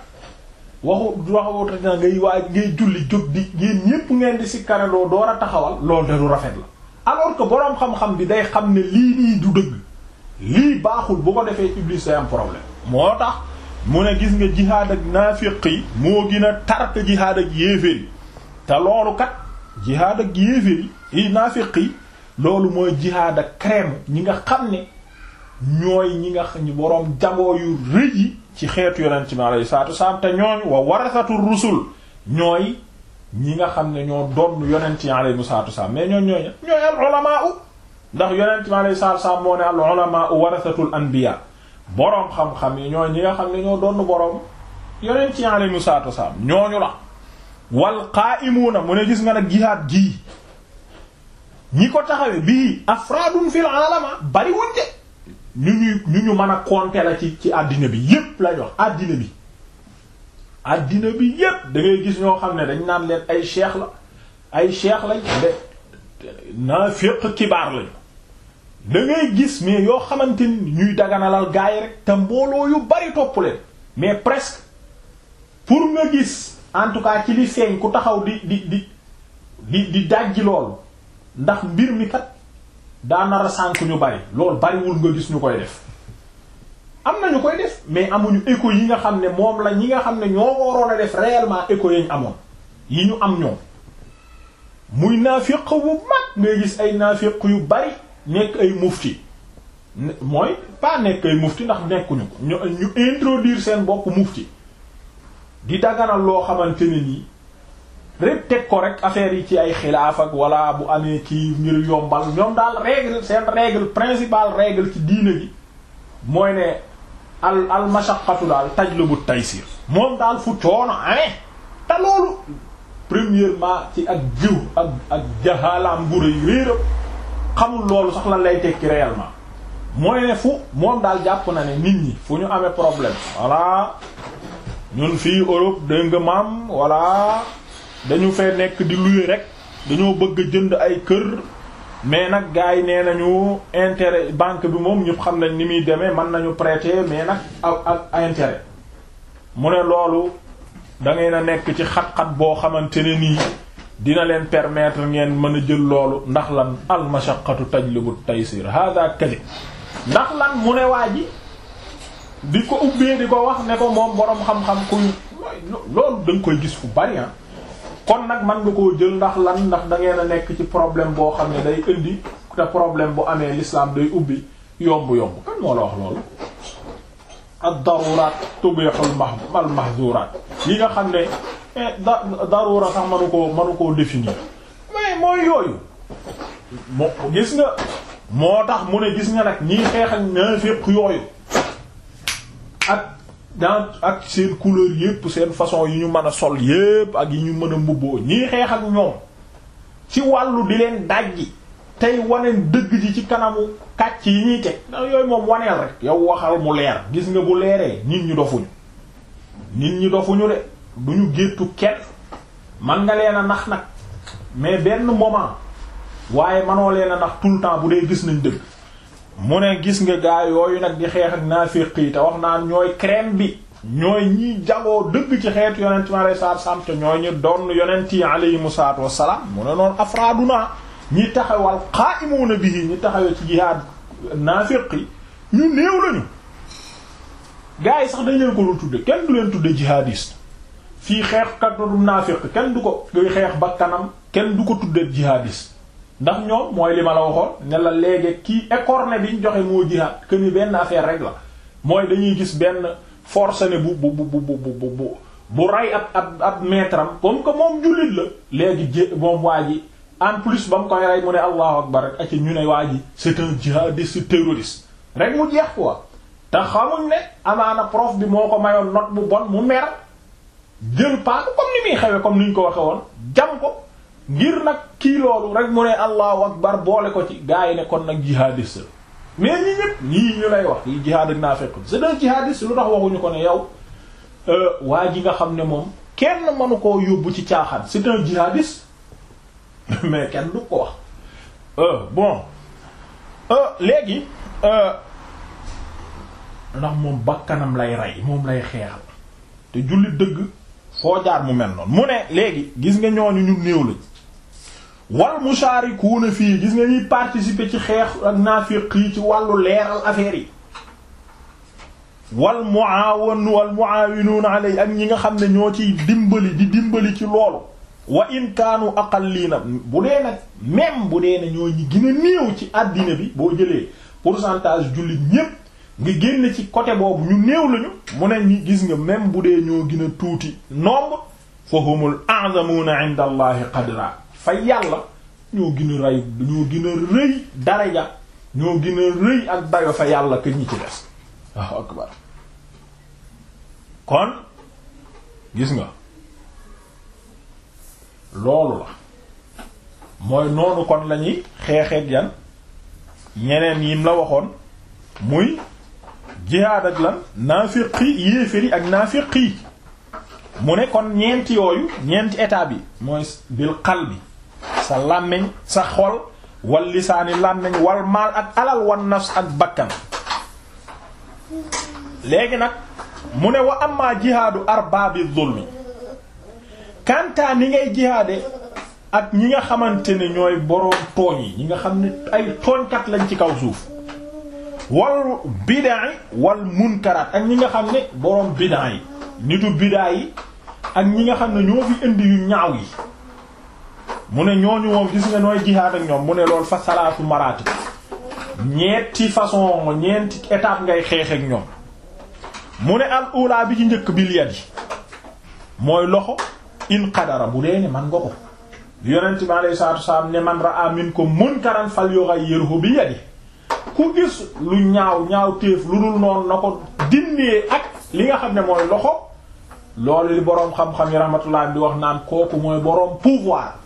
waxu waxu dina ngay waaj ngay julli jóg di yéen ñépp ngeen di sikkareloo door a taxawal loolu de lu rafet la alors ko boroom xam-xam bi day xam ne lii nii du dëgg lii baaxul bu ko defee Iblis day am problème moo tax mu ne gis nga jihaad ak naafiq yi moo gën a tar jihaad ak yéeféer te loolu kat jihaad ak yéeféer yi naafiq yi loolu mooy jihaad ak crème ñi nga xam ne ñooy ñi nga xam boroom jagoo yu rëy ci xeetu yonent bi saatu salaatu wasalaam te ñooñu wa warasatu rusul ñooy ñi nga xam ne ñoo doon yonent yi alayhi salaatu mais ñooñu ñooy ndax yonent bi alayhi salaatu wasalaam moo ne al ulamaa u boroom xam-xam yi ñooy ñi nga xam ne ñoo doon boroom yonent yi alayhi salaatu wasalaam ñooñu la wal qaaimuuna mu ne gis nga nag jihaad gii ñi ko taxawe bii afraadun fil alama bari wuñ de ñu ñuy ñu ñu mën a compter la ci ci àddina bi yépp lañ wax àddina bi àddina bi yépp dangay gis ñoo xam ne dañ naan leen ay cheikh la ay cheikh lañ de naafiq kibaar lañ da ngay gis mais yoo xamante ni ñuy daganalal gaay rek te mbooloo yu bari topp leen mais presque pour nga gis en tout cas ci li feeñ ku taxaw di di di di di dajji loolu ndax mbir mi kat daana nar a ñu bari lool bariwul nga gis ñu koy def am na ñu koy def mais amuñu écho yi nga xam ne moom la ñi nga xam ne ñoo waroon a def réellement écho yañ amoon yi ñu am ñoom muy naafiq bu mag ngay gis ay naafiq yu bari nekk ay mufti mooy pas nekk ay mufti ndax nekkuñu ko ñu introduire seen bopp mufti di daganal loo xamante ne nii rek teg ko rek affaire yi ci ay xilaaf ak wala bu amee kii ngir yombal ñoom daal règle seen règle principale règle ci diine gi mooy ne al al mashaqqatu daal tajlubu taysir moom daal fu coono amee te loolu premièrement ci ak jiw ak ak jaxaalaam bu rëy réeram xamul loolu sax lan lay tekki réellement mooy ne fu moom daal jàpp na ne nit ñi fu ñu amee problème voilà ñun fii Europe dégg nga maam walla dañu fee nekk di luye rek dañoo bëgg jënd ay kër mais nag gars yi nee nañu intérêt banque bi moom ñëpp xam nañ ni muy demee mën nañu prêter mais nag ak ak intérêt mu ne loolu da ngay na nekk ci xat-xat boo xamante ne nii dina leen permettre ngeen mën a jël loolu ndax lan al mashaqqatu tajlibu taysir hada kadhib ndax lan mu ne waa ji di ko ubbee di ko wax ne ko moom boroom xam-xam kuy loolu da koy gis fu bari ah kon nag man nga koo jël ndax lan ndax da ngeen nekk ci problème boo xam ne day indi te problème bu amee l'islam day ubbi yomb-yomb kan moo la wax loolu ad daruraat tubihul al mahdurat yi nga xam ne eh, darura sax manu koo manu koo définir mais mooy yooyu moo gis nga moo tax mu ne gis nga nag ñii xeex ak naafiq yooyu ak dans ak seen couleur yépp seen façon yi ñu mën a sol yépp ak yi ñu mën a mbubboo ñii xeex ak ñoom ci wàllu di leen dajji tey waneen dëgg ji ci kanamu kàcc yi ñuy teg ndax yooyu moom waneel rek yow waxal mu leer gis nga bu leeree nit ñi dofuñu nit ñi dofuñu de duñu géttu kenn man nga leen a nax nag mais benn moment waaye manoo leen a nax tout le temps bu dee gis nañ dëgg mu ne gis nga gaa yooyu nag di xeex ak naafiq yi te wax naan ñooy crème bi ñooy ñi jagoo dëgg ci xeetu yonent mi alei saatu salaam te ñooy ñu doon yonent yi aleyhim salaatu wassalaam mu ne noonu afraaduna ñi taxawal qaa'imuna bihi ñi taxawee ci jihaad naafiq yi ñu néew lañu gaa yi sax dañ leen ko lu tudde kenn du leen tudde jihadiste fii xeex kat naafiq kenn du ko koy xeex ba kanam kenn du ko tudde jihadiste ndax ñoom mooy li ma la waxoon ne la léegi kii écorné bi ñu joxe moo jihaad que benn affaire rek la mooy dañuy gis benn force ne bu bu bu bu bu bu bu rey ab ab ab maître am comme que moom jullit la léegi jé moom waa ji en plus ba mu koy rey mu ne allahu ak rek ak ñu ne waa ji c'est un jihadiste terroriste rek mu jeex quoi te xamuñ ne amaana prof bi moo ko mayoon note bu bon mu mer jël pas comme ni muy xewee comme ni ñu ko waxe woon jam ko. ngir nag kii loolu rek mu ne allahu bar boole ko ci gaa yi ne kon nag jihadiste la mais ñi ñëpp ñii ñu lay wax yi jihaad ak naa fekk c'est un jihadiste lu tax waxuñu ko ne yow euh, waa ji nga xam ne moom kenn mënu koo yóbbu ci caaxaan c'est un jihadiste mais kenn du ko wax euh, bon euh, léegi ndax moom bakkanam lay rey moom lay xeexal te jullit dëgg foo jaar mu mel noonu mu ne léegi gis nga ñooñu ñu néew lañ wal musharikuuna fii gis nga ñuy participer ci xeex ak naafiq yi ci wàllu leeral affaire yi wal muawan wal muawinuuna alay ak ñi nga xam ne ñoo ci dimbali di dimbali ci loolu wa in aqalliina bu dee nag même bu dee ne ñoo ñi néew ci àddina bi boo jëlee pourcentage jullit ñépp nga génn ci côté boobu ñu néew lañu mu ne ñi gis nga même bu dee ñoo gën tuuti nombre fa humul a'zamuna 'inda allahi qadra fa yàlla ñoo gën a rey ñoo daraja ñoo gën rëy ak dayo fa yàlla que ñi ci des waaw akbar kon gis nga loolu la mooy noonu kon lañuy xeexeet yan ñeneen yim la waxoon muy jihaad ak lan naafiqi yéeféri ak naafiqi mu ne kon ñeenti yooyu ñeenti état bi mooy bil qalbi sa làmmiñ sa xol wal lisaani làmmiñ wal maal ak alal wan ak bakkan léegi nag mu ne wa amma jihaadu arbaabi zulmi kantaa ni ngay jihaade ak ñi nga xamante ne ñooy boroom tooñ yi ñi nga xam ne ay tooñkat lañ ci kaw suuf wal bidaa wal munkaraat ak ñi nga xam ne boroom bidaa yi nitu bidaa yi ak ñi nga xam ne ñoo fi indi yu ñaaw yi mu ne ñooñu moom gis nga nooy jihaad ñoom mu ne loolu fa salaatu maraati ñeenti façon ñeenti étape ngay xeex ak ñoom mu ne al bi ci njëkk bil yadi mooy loxo in qadara bu dee man nga ko yonent bi alayhi salaatu wasalaam ne man ra'a minkum munkaran falyughayyirhu bi yadi ku gis lu ñaaw ñaaw téef lu dul noonu na ko dindee ak li nga xam ne mooy loxo loolu li boroom xam-xam yi rahmatullah di wax naan kooku mooy boroom pouvoir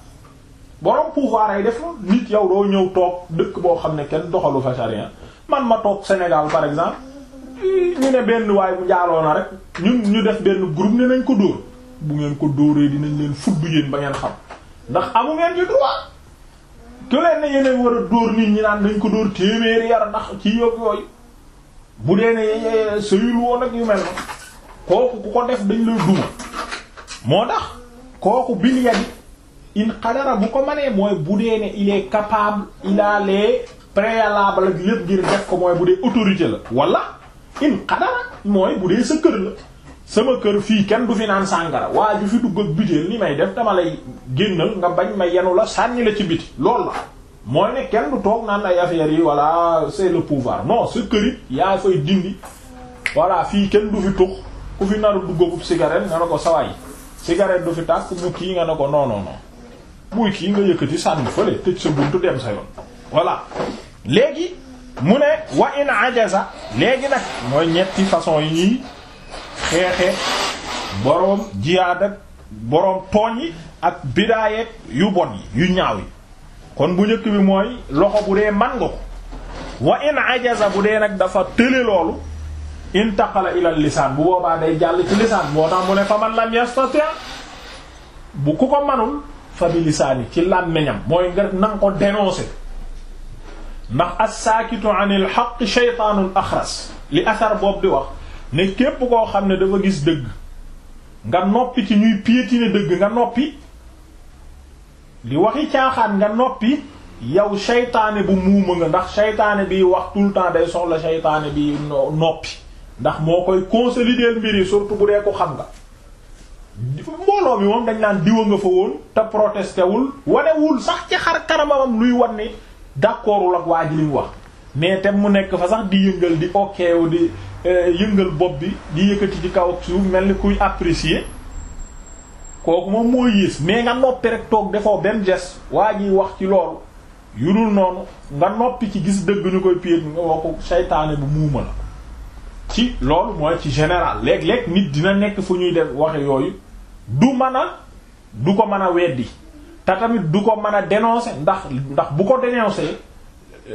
borom pouvoir ay def nit yow doo ñëw toog dëkk boo xam ne kenn doxalu fa charia man ma toog senegal par exemple ñu ne benn waay bu njaaloo na rek ñu ñu def benn groupe ne nañ ko dóor bu ngeen ko dóoree dinañ leen fudd yéen ba ngeen xam ndax amu ngeen ci droit ku leen ne yéen war a dóor nit ñi naan nañ ko dóor téeméeri yar ndax ci yóbbu yooyu bu dee ne eh, eh, sëyul woon ak yu mel noonu kooku ku ko def dañ lay duma moo tax kooku bi in qadara bu ko mënee mooy bu dee ne il est capable il a les lépp ngir def ko mooy bu dee autorité la wala in qadara mooy bu dee sa kër la sama kër fii kenn du fi naan sàngara waa ju fi dugg ak butéel ni may def dama lay génnal nga bañ ma yenu la sànni la ci biti lool la mooy ne kenn du toog naan ay affaires yi voilà c'est le pouvoir non sa kër fay dindi voilà fii kenn du fi tux ku fi naru duggagub cigarette nga ne ko sawaay cigarette du fi nga ne ko non buy kii nga yëkkati sànni fële tëj sa buntu dem sa yoon voilà léegi mu ne wa in ajaza léegi nag mooy ñetti façon yi ñuy xeexe boroom jihaad ak boroom tooñ yi ak bidaayeeg yu bon yi yu ñaaw yi kon bu njëkk bi mooy loxo bu dee man nga ko wa in ajaza bu dee nag dafa tële loolu intaqala ilal lisaan bu boobaa day jàll ci lisaan moo tax mu ne fa man lam yastati bu ku ko manul fabilisaani ci làmmiñam mooy nga nanga ko dénoncer ndax as-saakitu anil xaq shaytaanul axras li asar boobu di wax ne képp koo xam ne dafa gis dëgg nga noppi ci ñuy piétiner dëgg nga noppi li waxi caaxaan nga noppi yow seytaane bu muuma nga ndax seytaane biy wax tout temps day soxla seytaane bi noppi ndax moo koy consolider mbir yi surtout bu dee xam nga mbooloo mi moom dañ naan diwa nga fa woon te protesté wul wanewul sax ci xar kanamam luy wan ni d'accordul ak waa ji li wax mais te mu nekk fa sax di yëngal di okeewu di eh, yëngal bopp bi di yëkkati ci kaw ak suuf mel ni kuy apprécier kooku moom moo yées mais nga noppi rek toog defoo benn geste waa ji wax ci loolu yurul noonu nga noppi ci gis dëgg ñu koy piir nga woo ko seytaane bu muuma la ci loolu mooy ci général léeg-léeg nit dina nekk fu ñuy def waxe yooyu du mën a du ko mën a weddi te tamit du ko mën a dénoncer ndax ndax bu ko dénoncer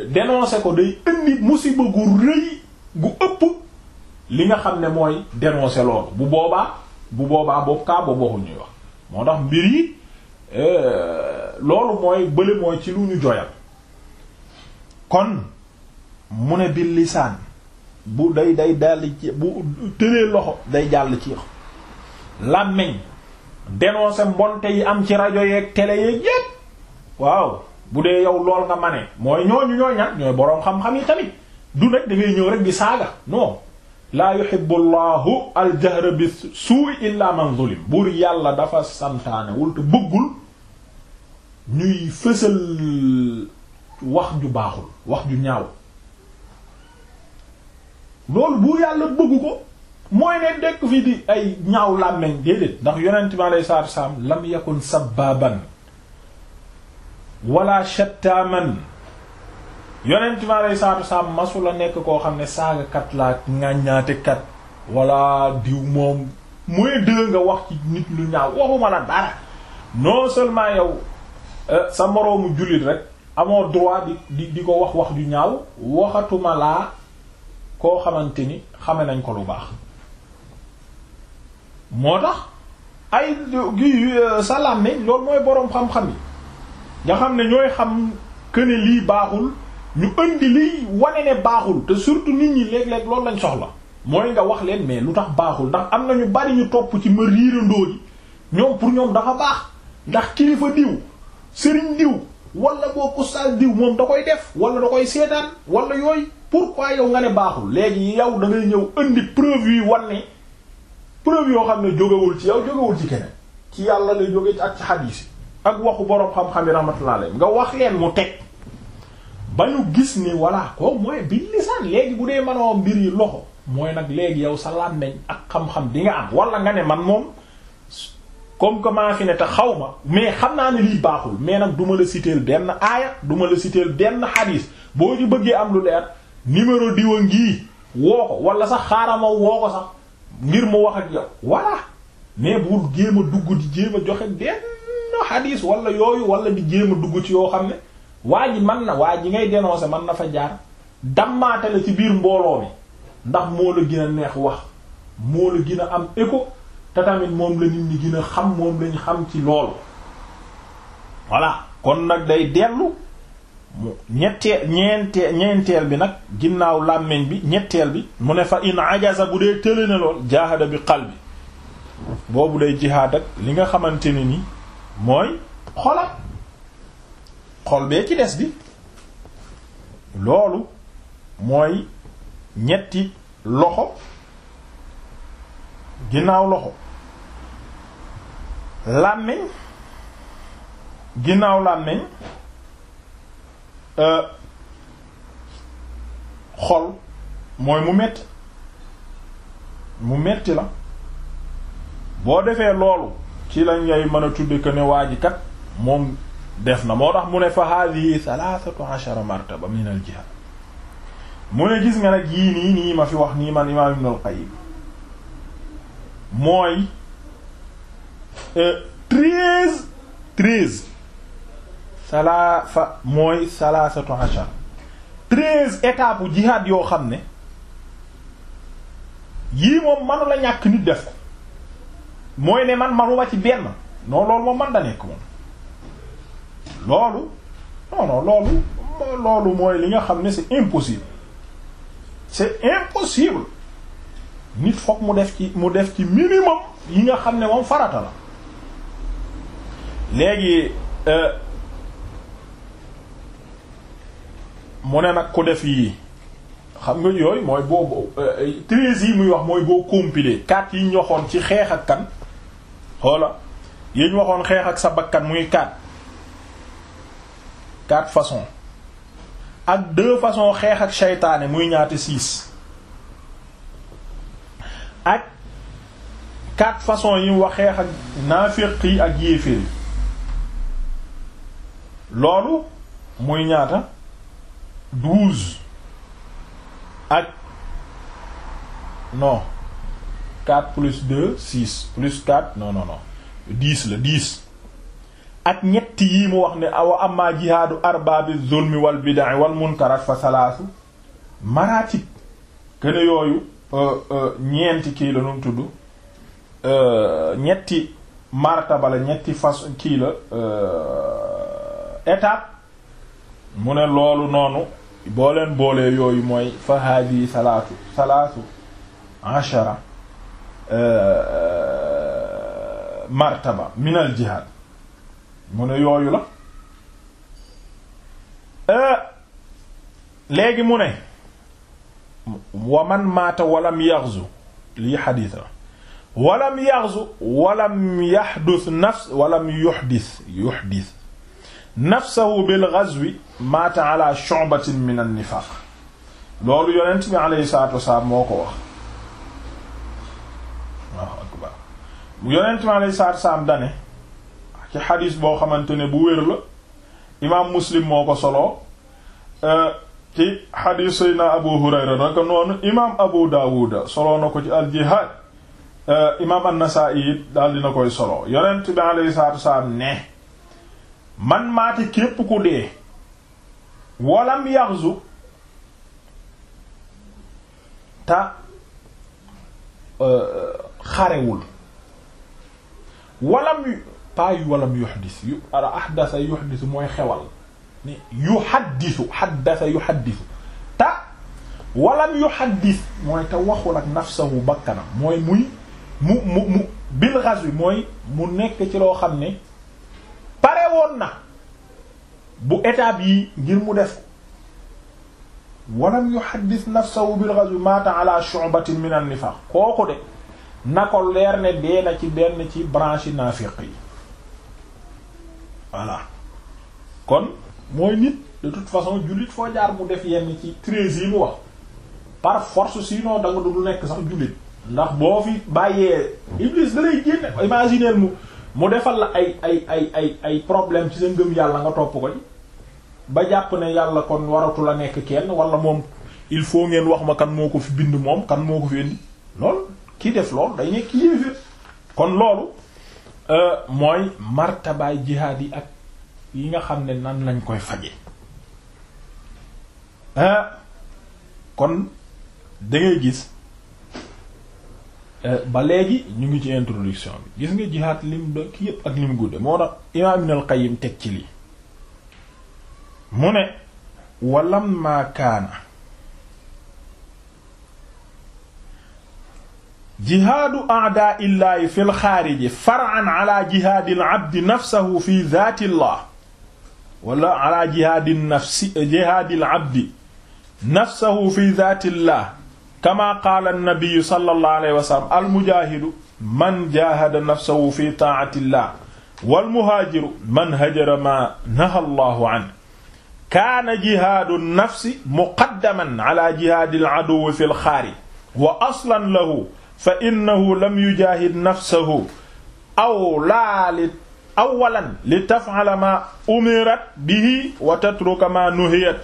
dénoncer ko day indi musiba gu rëy gu ëpp li nga xam ne mooy dénoncer loolu bu boobaa bu boobaa boobu kaa boobu waxu wax moo tax mbir yi euh, loolu mooy bële mooy ci lu ñu joyal kon mu ne bil lisaan bu day day dal ci bu tëree loxo day jàll ci làmmiñ dénoncer mbonte yi am ci rajo yeek télé yeeg yépp waaw bu dee yow lool nga mane mooy ñooñu ñooy ñan ñooy boroom xam-xam yi tamit du nag da ngay ñëw rek di saaga non laa yuhibbu llahu aljahra bi suui illa man zulim buur yàlla dafa santaane wul te bëggul ñuy fësal wax ju baaxul wax ju ñaaw loolu buur yàlla bëggu ko mooy ne dëkk fi di ay ñaaw làmmeñ déedéet ndax yonent bi alayhi salaatu wasalaam lam yakun sabbaaban wala shattaaman yonent bi alayhi salaatu wasalaam masu nekk koo xam ne saagakat laa ŋàññaatekat wala diw moom mooy dëgg nga wax ci nit lu ñaaw waxuma la dara non seulement yow euh, sa moroomu jullit rek amoo droit di di ko wax wax ju ñaaw waxatuma laa koo xamante ni xame nañ ko lu baax moo tax ay gi euh, salaam ne loolu mooy boroom xam-xam yi nga xam ne ñooy xam que ne lii baaxul ñu indi lii wane ne baaxul te surtout nit ñi léeg-léeg loolu lañ soxla mooy nga wax leen mais lu tax baaxul ndax am na ñu bari ñu topp ci ma riirandoo ji ñoom pour ñoom dafa baax ndax kilifa diw sëriñ diw wala boo ustaas diw moom da koy def wala da koy seetaan wala yooyu pourquoi yow nga ne baaxul léegi yow dangay ñëw indi preuve yi wane preuve yoo xam ne jógewul ci yow jógewul ci keneen ci yàlla lay jóge ak ci xadiis ak waxu boroom xam-xam yi rahmatullah alayhi nga wax leen mu teg ba ñu gis ni voilà ko mooy bi lisaan léegi bu dee mënoo mbir yi loxo mooy nag léegi yow sa làmmeñ ak xam-xam di nga am wala nga ne man moom comme que maa fi ne te xaw ma mais xam naa ne lii baaxul mais nag du ma la citer benn aaya du la citer benn xadiis boo ci bëggee am lu leer numéro diwa ngii woo wala sax xaarama woo ngir mu wax ak yow voilà mais bul jéem a dugg di jéem a joxe benn xadiis wala yooyu wala di jéem a dugg ci yoo xam ne waa ji man na waa ji ngay dénoncer man na fa jaar dammaate la ci biir mbooloo mi ndax moo la gën a neex wax moo la gën a am écho te tamit moom la nit ñi gën a xam moom lañ xam ci loolu voilà kon nag day dellu ñetteel ñeenteel ñeenteel bi nag ginnaaw làmmiñ bi ñetteel bi mu ne fa in ajaza bu dee tële na lool jaahada bi qalbi boobu day jihaad ak li nga xamante ni mooy xola xol bee ci des di loolu mooy ñetti loxo ginnaaw loxo làmmiñ ginnaaw làmmiñ Euh, xol mooy mu metti mu metti la boo defee loolu ci lañ ngay mën a tudde que ne waa ji kat moom def na moo tax mu ne fa hadihi thalathatu ashara ba min al jihad mu ne gis nga nag yii nii nii ma fi wax nii man imaam ibn al qayyim mooy euh, treize treize salaa fa mooy salaasatu ashar treize étapes u yoo xam ne yii moom manu la ñàkk nit def ko mooy ne man manuma ci benn non loolu moom man da nekk moom loolu non non loolu loolu mooy li nga xam ne c'est impossible c'est impossible nit fokk mu def ci mu def ci minimum yi nga xam ne moom farata la léegi. Euh, mu ne nag ku def yii xam nga yooy mooy boobu euh, euh, treize yi muy wax mooy boo compilé quatre yi ñu waxoon ci xeex ak kan xoola yi waxoon xeex ak sa bakkan muy quatre quatre façons ak deux façons xeex ak seytaane muy ñaata six ak quatre façons yi wax xeex ak naafiq yi ak yéeféer yi loolu muy ñaata douze ak non quatre plus deux six plus quatre non non non dix la dix ak ñetti yii mu wax ne awa amma jihaadu arbaabi zulmi wal bidai wal munkarat fa salaasu maratib kene yooyu euh, euh, ñeenti kii la nun tudd euh, ñetti martaba la ñetti fas kii la étape mu ne loolu noonu boo leen boolee yooyu mooy fa haadihi salaatu salaatu ashara euh, martaba min al jihaad mu ne yooyu la euh, léegi mu ne wa man maata walam yaxzu lii xadiis la walam yaxzu walam yaxdus nafs walam yuxdis yuxdis nafsahu bil ghazwi maata ala shu'batin min an-nifaq loolu yonent bi alayhi salaatu dane ci xadis boo xamante ne bu wér la imaam muslim moo ko soloo euh, ci xadis sayna abu hurayra naka imaam abu daawuda soloo na ko ci al-jihaad euh, imaam an-nasaa'i daal dina koy soloo yonent bi alayhi ne man maata képp ko dee walam yaxzu ta euh, xarewul walam yu pas walam yu ara ahdasa yuxdisu mooy xewal ni yuxaddisu xaddasa yuxaddisu ta walam yuxaddis mooy te waxul ak nafsahu bakkanam mooy muy mu mu mu bil ghazwi mooy mu nekk ci loo xam ne woon na bu étape yi ngir mu def walam yuhaddith nafsahu bil ghazwi mata ala shu'batin min kooku de na ko leer ne dee ci benn ci branche naafiq yi voilà kon mooy nit de toute façon jullit foo jaar mu def yenn ci treize yi wax par force sinon da du nekk sax jullit ndax boo fi bàyyee iblis da lay génne imaginer mu mu defal la ay ay ay ay ay problème ci sa ngëm yàlla nga topp ko ba jàpp ne yàlla kon waratu la nekk kenn wala moom il faut ngeen wax ma kan moo ko fi bind moom kan moo ko fi indi lool ki def lool day nekk yéeféer kon loolu euh, mooy martabaay jihaad yi ak yi nga xam ne nan lañ koy faje euh, kon da gis Euh, ba léegi ñu ngi ci introduction bi gis nga lim do ki yépp ak lim gudde moo tax imaam Ibn al-Qayyim teg ci lii mu ne walamma kaana jihaadu a'daa illaahi fil xaariji fi zaati llah wala ala jihaadin nafsi jihaadil fi zaati llah kama qaala annabiyu sallallahu alayhi wa sallam almujaahidu man jaahada nafsahu fi taatillah walmuhaajiru man hajara ma naha allahu an kaana jihaadu nafsi muqaddaman ala jihaadi aladuwi fi lxaari wa aslan lahu fa innahu lam yujaahid nafsahu awlaa li awalan li tafala maa umirat bihi wa tatruka maa nuhiyat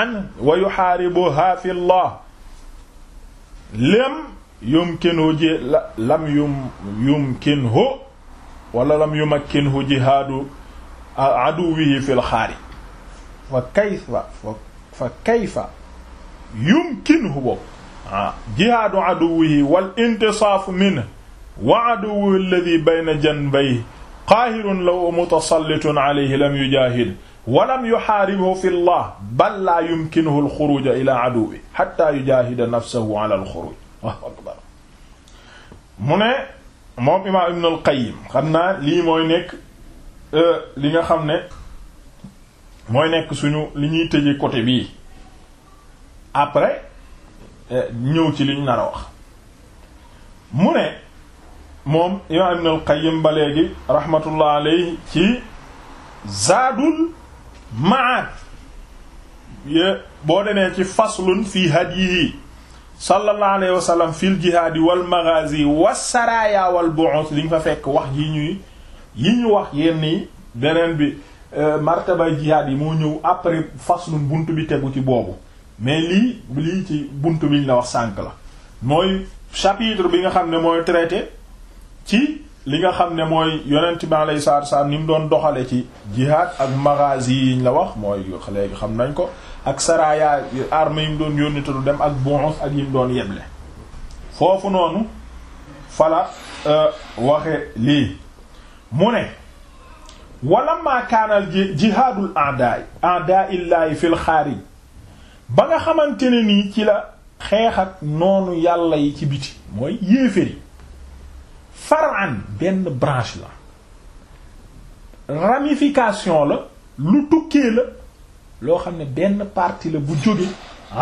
an wa yuxaaribuha fi llah lem yumkinhu ji lam yum yumkinhu wala lam yumakkinhu jihaadu aduwwihi fil xaarij fa kayfa fa kayfa yumkinhu boobu ah jihaadu aduwwihi wal intisaafu minhu wa aduwwihi alladhi bayna janbayhi qaahirun law mutasallitun alayhi lam yujaahid walam yuxaaribu fi llah bal laa yumkinuhu alxuruja ila aduwi xatta yujaahida nafsahu ala alxuruj mu ne moom imaam Ibn al xam naa lii mooy nekk euh, li nga xam ne mooy nekk suñu li ñuy tëje côté bi après euh, ñëw ci liñ nar a wax mu ne moom imaam Ibn al ba léegi rahmatullah alayhi ci zaadul maad yé boo demee ci faslun fii hadyihi sallallahu alayhi wa sallam fil jihaadi wal maghazi was saraya wal bu'uth li nga fa fekk wax yi ñuy yi ñu wax yenn yi beneen bi euh, martabay jihaad yi moo ñëw après faslun bunt bi tegu ci boobu mais lii lii ci bunt bi ñu la wax sànk la mooy chapitre bi nga xam ne mooy traité ci li nga xam ne mooy yonent bi alayhi salaatu salaam ni mu doon doxale ci jihaad ak magazi yiñ la wax mooy léegi xam nañ ko ak saraya arme yi mu doon yónni dem ak bu'uth ak yi mu doon yeble foofu noonu fala euh, waxe lii mu ne wala maa kaanal jihaadul a'daa a'daa illaahi fil xaarij ba nga xamante ne nii ci la xeex ak noonu yàlla yi ci biti mooy yéeféri faran benn branche la ramification la lu tukkee la loo xam ne benn partie la bu jóge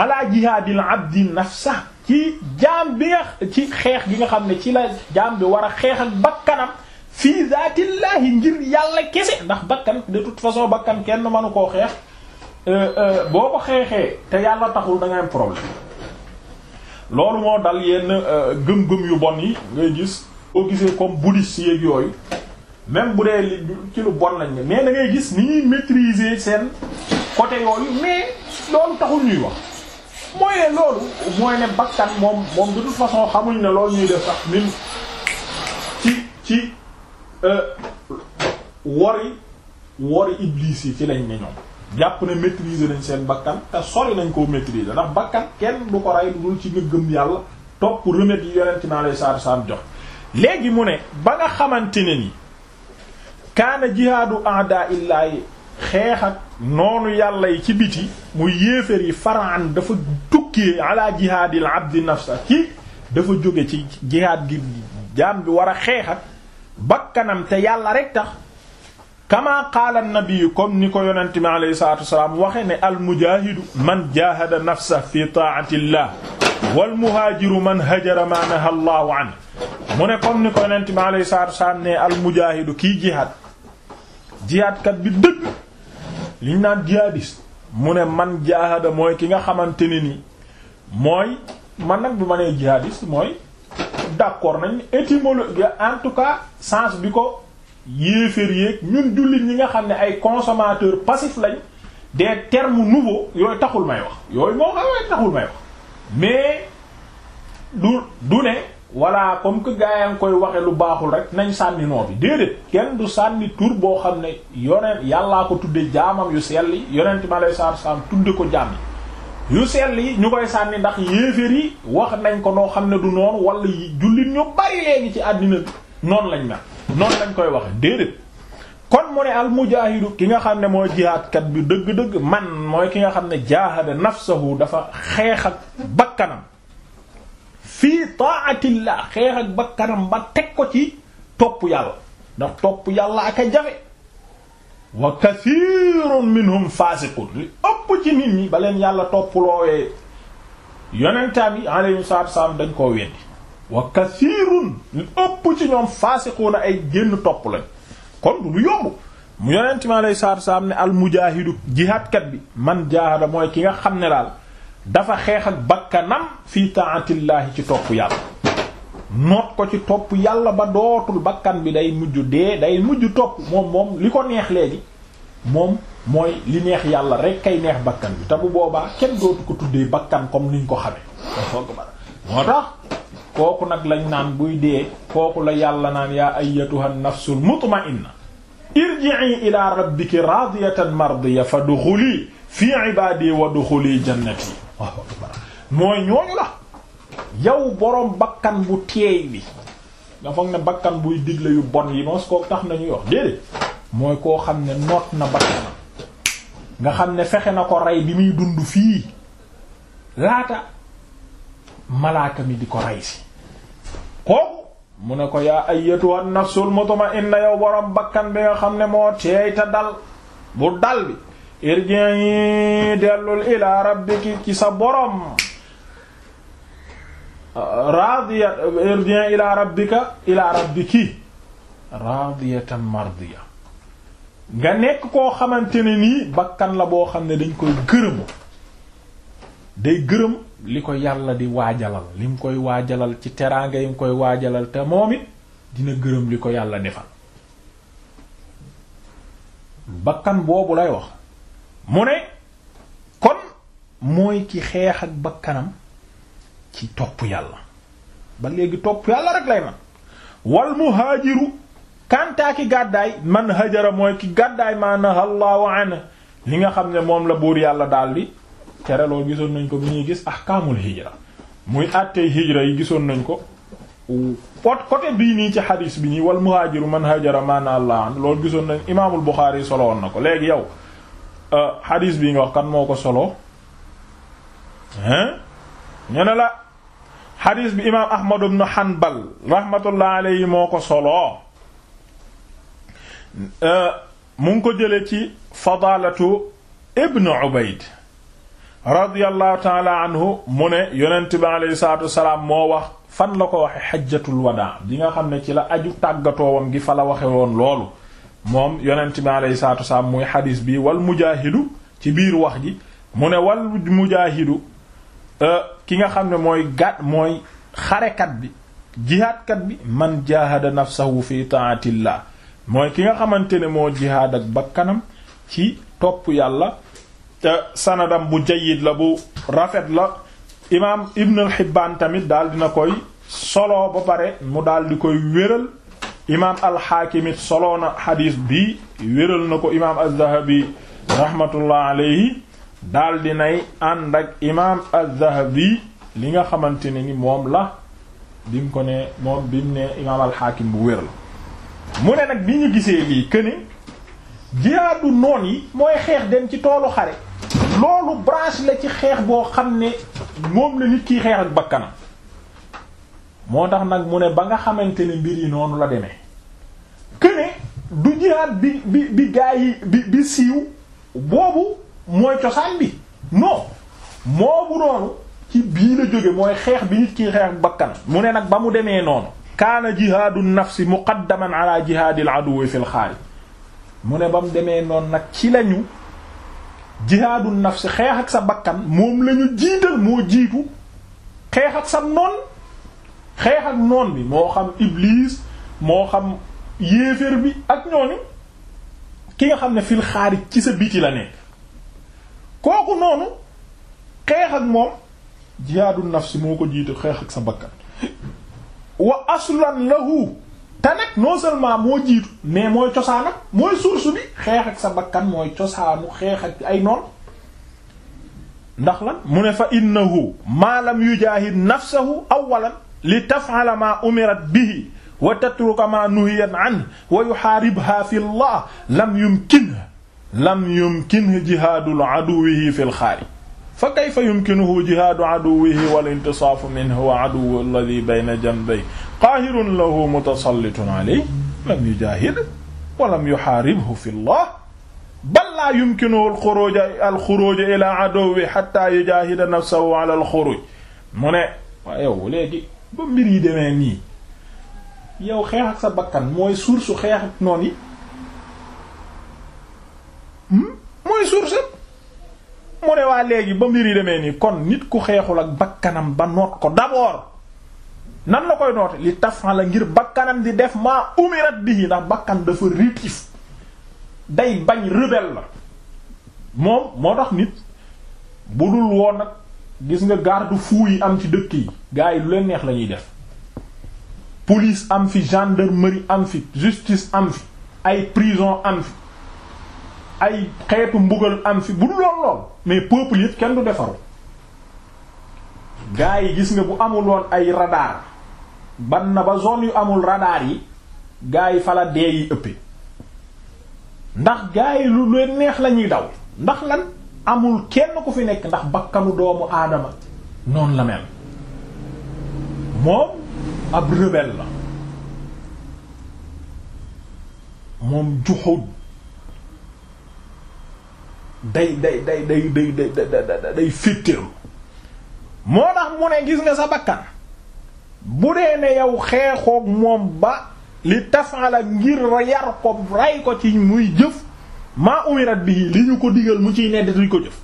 ala jihaadil abdi nafsa ci jaam bi nga ci xeex gi nga xam ne ci la jaam bi war a xeex ak bakkanam fii zaatillaahi ngir yàlla kese ndax bakkan de toute façon bakkan kenn mënu koo xeex euh, euh, boo ko xeexee te yàlla taxul da ngay problème loolu moo dal yenn euh, gëm-gëm yu bon yi ngay gis koo gisee comme bouddhiste yeeg yooyu même bu dee li ci lu bon lañ ne mais da ngay gis ni ñuy maîtriser seen côté yooyu mais loolu taxul ñuy wax mooy ne loolu mooy ne bakkan moom moom de toute façon xamuñ ne loolu ñuy def sax même ci ci euh, wori wori iblis yi ci lañ ne ñoom jàpp ne maîtriser nañ seen bakkan te sori nañ koo maîtriser ndax bakkan kenn du ko rey dul ci nga gëm yàlla topp remède yi yonent ci naa lay saar saam jox léegi mu ne ba nga xamante ne ni kaana jihaadu a'daa illaahi xeex noonu yàlla yi ci biti mu yéeféer yi faraan dafa tukki ala jihaadil abdi ci dafa jóge ci jihaad gi jaam bi war a xeex ak bakkanam te yàlla rek tax kama qaala nabiyu comme ni ko yonente mi waxe ne al man jaahada nafsa fi taa'atillah wal muhaajiru man hajara ma naha Allahu an mu ne comme ni ko yonent bi alayhi salaatu al mujaahidu kii jihaad jihaadkat bi dëgg liñ naan jihadiste mu ne man jaahada mooy ki nga xamante ne ni mooy man nag bu ma nee jihadiste mooy d'accord nañ étymologie en tout cas sens bi ko yéefér yéeg ñun jullit ñi nga xam ne ay consommateurs passifs lañ des termes nouveaux yooyu taxul may wax yooyu moo xam ne taxul may wax mais du du ne voilà comme que gaa yaa ngi koy waxe lu baaxul rek nañ sànni noo bi déedéet kenn du sànni tur boo xam ne yonent yàllaa ko tudde jaamam yu sell yi yonent ma lay saar saam tudde ko jaam yu sell yi ñu koy sànni ndax yéeféer yi wax nañ ko noo xam ne du noonu wala jullit ñu bari léegi ci àddina bi noonu lañ mel noonu lañ koy waxe déedéet kon mu ne al ki nga xam ne mooy jihaadkat bi dëgg-dëgg man mooy ki nga xam ne jaahada nafsahu dafa xeex ak bakkanam fii taatillah xeex ak bakkanam ba teg ko ci topp yàlla ndax topp yàlla ak a jafe wa kathirun minhum faasiqun li ëpp ci nit ñi ba leen yàlla topp loowee yonentam yi alayhi salaatu wassalaam dañ koo weddi wa kathirun li ëpp ci ñoom faasiquuna ay génn topp lañ kon du lu yomb mu yonent mi alayhi salaatu ne al mujaahidu jihaadkat bi man jaahada mooy ki nga xam ne daal dafa xeex ak bakkanam fii taatillaahi ci topp yàlla noot ko ci topp yàlla ba dootul bakkan bi day mujj dee day mujj topp moom moom li ko neex léegi moom mooy li neex yàlla rek kay neex bakkan bi te bu boobaa kenn dootu ko tuddee bakkan comme niñ ko xamee moo tax kooku nag lañ naan buy dee kooku la yàlla naan yaa ayyatuha nafsul mutma'inna irji'i ila rabbiki radiyatan mardiya fadkhuli fi ibadi wadkhuli jannati mooy ñooñu la yow boroom bakkan bu teey bi nga foog ne bakkan buy digle yu bon yi moos kooku tax nañuy wax déedéet mooy koo xam ne noot na bakkanam nga xam ne fexe na ko rey bi muy dund fii laata malaaka mi di ko rey kooku mu ne ko yaa ayyatu an nafsul mutma'inna yow borom bakkan bi nga xam ne moo teey te dal bu dal bi irji'i dellul ila rabbiki ci sa borom radiya irji'i ila rabbika ila rabbiki radiyatan nga nekk koo xamante nii bakkan la boo xam ne dañ koy gërëmu day gërëm li ko yàlla di waajalal li mu koy waajalal ci teraanga yi mu koy waajalal te moom it dina gërëm li ko yàlla defal bakkan boobu lay wax mu ne kon mooy ki xeex ak bakkanam ci topp yàlla ba léegi topp yàlla rek lay man wal muhaajiru kantaa ki gàddaay man hajara mooy ki gàddaay ma nahallahu an li nga xam ne moom la buur yàlla daldi tere loolu gisoon nañ ko bi ñuy gis ahkaamul hijra muy àttee hijra yi gisoon nañ ko pot côté bii nii ci xadis bi ñuy wal muhaajiru man hajara maana allah an lool gisoon nañ imaamul Buxaari solo woon na ko léegi yow euh, xadis bi nga wax kan moo ko solo hein ñu ne la xadis bi imaam Ahmad ibn Hanbal rahmatullah alayhi moo ko solo euh, mu ngi ko jële ci fadalatu ibn Ubayd radiyallahu taala anhu mu ne yonent bi alayhi salaatu wasalaam moo wax fan la ko waxe xajjatul wadaa bi nga xam ne ci la aju tàggatoowam gi fa la waxe woon loolu moom yonent bi alayhi salaatu wasalaam muy xadiis bi wal mujaahidu ci biir wax ji mu ne wal mujaahidu euh, ki nga xam ne mooy gàtt mooy xarekat bi jihaadkat bi man jaahada nafsahu fi taatillah mooy ki nga xamante ne moo jihaad ak kanam ci topp yàlla te sanadam bu jayyid la bu rafet la imaam Ibn al tamit daal dina koy solo ba pare mu daal di koy wéral imaam al solo na xadiis bi wéral na ko imaam az-Zahabi daldi alayhi daal di nay ànd ak imaam az-Zahabi li nga xamante ni moom la bi mu ne bu wéral nag bi ñu gisee lii këne jihaadu noon yi mooy xeex dem ci toolu xare loolu branche la ci xeex boo xam ne moom la nit kiy xeex ak bakkanam moo tax nag mu ne ba nga xamante ne mbir yi noonu la deme que du jihaad bi bi bi gaa yi bi siiw boobu mooy cosaan bi non moobu noonu ci bii la jóge mooy xeex bi nit kiy xeex ak bakkanam mu ne nag ba mu demee noonu kaana jihaadu nafsi muqaddaman ala jihaadil aduwi fi xaali mu ne ba mu demee noonu nag ci lañu jihaadu nafsi xeex ak sa bakkan moom lañu ñu jiital moo jiitu xeex ak sa noon xeex ak noon bi moo xam iblis moo xam yéeféer bi ak ñooñu ki nga xam ne fil xaarij ci sa biti la nekk kooku noonu xeex ak moom jihaadu nafsi moo ko jiital xeex ak sa bakkan wa aslan lahu te nag non seulement moo jiitu mais mooy cosaan ak mooy source bi xeex ak sa bakkan mooy cosaanu xeex ak ay noon ndax mu ne fa innahu ma lam yujahid nafsahu awalan li taf'ala ma umirat bihi wa tatruka ma nuhiyat anhu wa yuharibha fi llah lam yumkinhu lam yumkinhu jihaadul aduwwihi fil fa kayfa yumkinuhu jihaadu aduwwihi wal intisaafu minhu wa aduwwu alladhi bayna janbayhi qaahirun lahu mutasallitun alayhi lam yujaahid wa lam yuhaaribhu fi llah bal laa yumkinuhu alxuruuj alxuruuj ilaa aduwwihi hattaa yujaahida nafsahu ala alxuruuj mu ne waaye yow léegi ba mbir yi demee nii yow xeex ak sa bakkan mooy source xeex ak noon yi hmm? mooy source mu ne waa léegi ba mbir yi demee nii kon nit ku xeexul ak bakkanam ba noot ko d'abord nan la koy noote li tafan la ngir bakkanam di def maa umirat bihi ndax bakkan dafa rétif day bañ rebelle la moom moo tax nit bu dul woon nag gis nga garde-fou yi am ci dëkk yi gars yi lu leen neex lañuy def police am fi gendarmerie am justice am ay prison am ay xeetu mbugal am fi bu dul lool lool mais peuple yëpp kenn du defaru gaa yi gis nga bu amul ay radar ban na yu amul radar yi gaa yi fala dee yi ëppee ndax gaa lu leen neex la daw ndax lan amul kenn ku fi nekk ndax bakkanu doomu aadama noonu la mel moom ab rebelle la moom juxud day day day day day day day fitteeru moo tax mu ne gis nga sa bakkan bu dee ne yow xeexoog moom ba li tafala ngir yar ko rey ko ci muy jëf maa umirat bii li ñu ko digal mu ciy nedd duñ ko jëf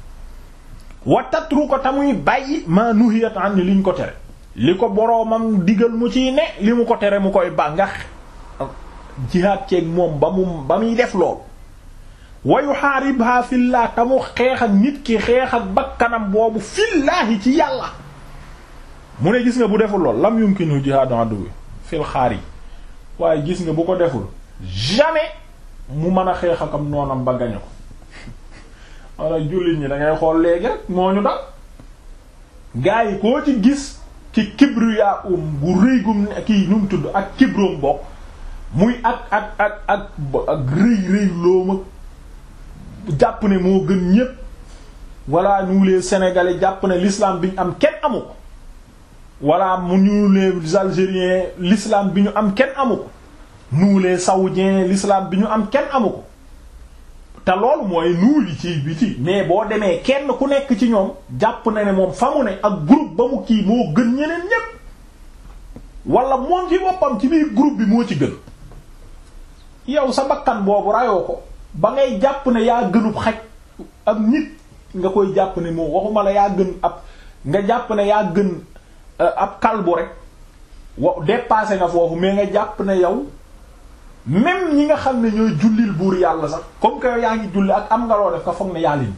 wa tatru ko tamuy bàyyi maa nuhiyat an li ñu ko tere li ko boroomam digal mu ciy ne li mu ko tere mu koy ba nga jihaad moom ba mu ba muy def loolu wayu xaaribha fillah tamu xeex ak nit ki xeex ak kanam boobu fillaahi ci yàlla mu ne gis nga bu deful lool lam yumkinu jihaadu aduwi fil xaar yi waaye gis nga bu ko deful jamais mu mën a xeex ak am noonam ba gañe ko wala jullit moo ñu dal koo ci gis ci kibru yaa um gu rëy ak kibroom bokk muy ak ak ak ak ak rëy rëy loom ak jàpp ne moo gën ñépp voilà nous les sénégalais jàpp ne l'islam bi ñu am kenn amu ko voilà mu ñu les algériens l'islam bi ñu am kenn amu ko nous les saoudiens bi ñu am kenn amu ko te loolu mooy nuu li ci biti mais boo demee kenn ku nekk ci ñoom jàpp na ne moom fa mu ne ak groupe ba mu kii moo gën ñeneen ñépp wala moom ci boppam ci biir groupe bi moo ci gën yow sa bakkan boobu rayoo ko ba ngay jàpp ne yaa gënub xaj ak nit nga koy jàpp ne moom waxuma la yaa gën ab nga jàpp ne yaa gën eh, ab kalbu rek wa dépassé nga foofu mais nga jàpp na yow même ñi nga xam ne ñooy jullil buur yàlla sax comme que yaa ngi julli ak am nga loo def nga foog ne yaa leen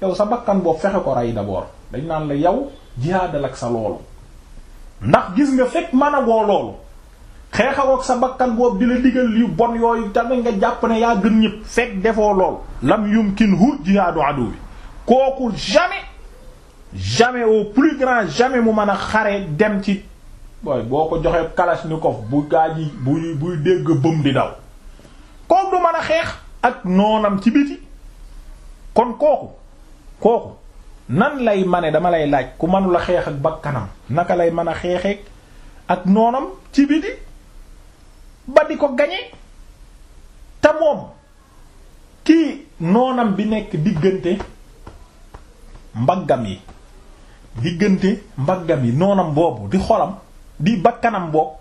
gën sa bakkan boobu fexe ko rey d'abord dañ naan la yow jihaadal ak sa loolu ndax gis nga fekk man a woo loolu xeexawoog sa bakkan boobu di la digal yu bon yooyu tamit nga jàpp ne yaa gën ñëpp fekk defoo lool lam yumkinhu jihaadu adu bi kooku jamais jamais au plus grand jamais mu mën a xare dem ci waaye boo ko joxee kalashnikov bu gaa ji buy buy dégg bëm di daw kooku du man a xeex ak noonam ci biti kon kooku kooku nan lay mane dama lay laaj ku mënula xeex ak bakkanam naka lay mën a xeexeek ak noonam ci biti ba di ko gañe te moom kii noonam bi nekk diggante mbaggam yi diggante mbaggam yi noonam boobu di xolam di bakkanam boobu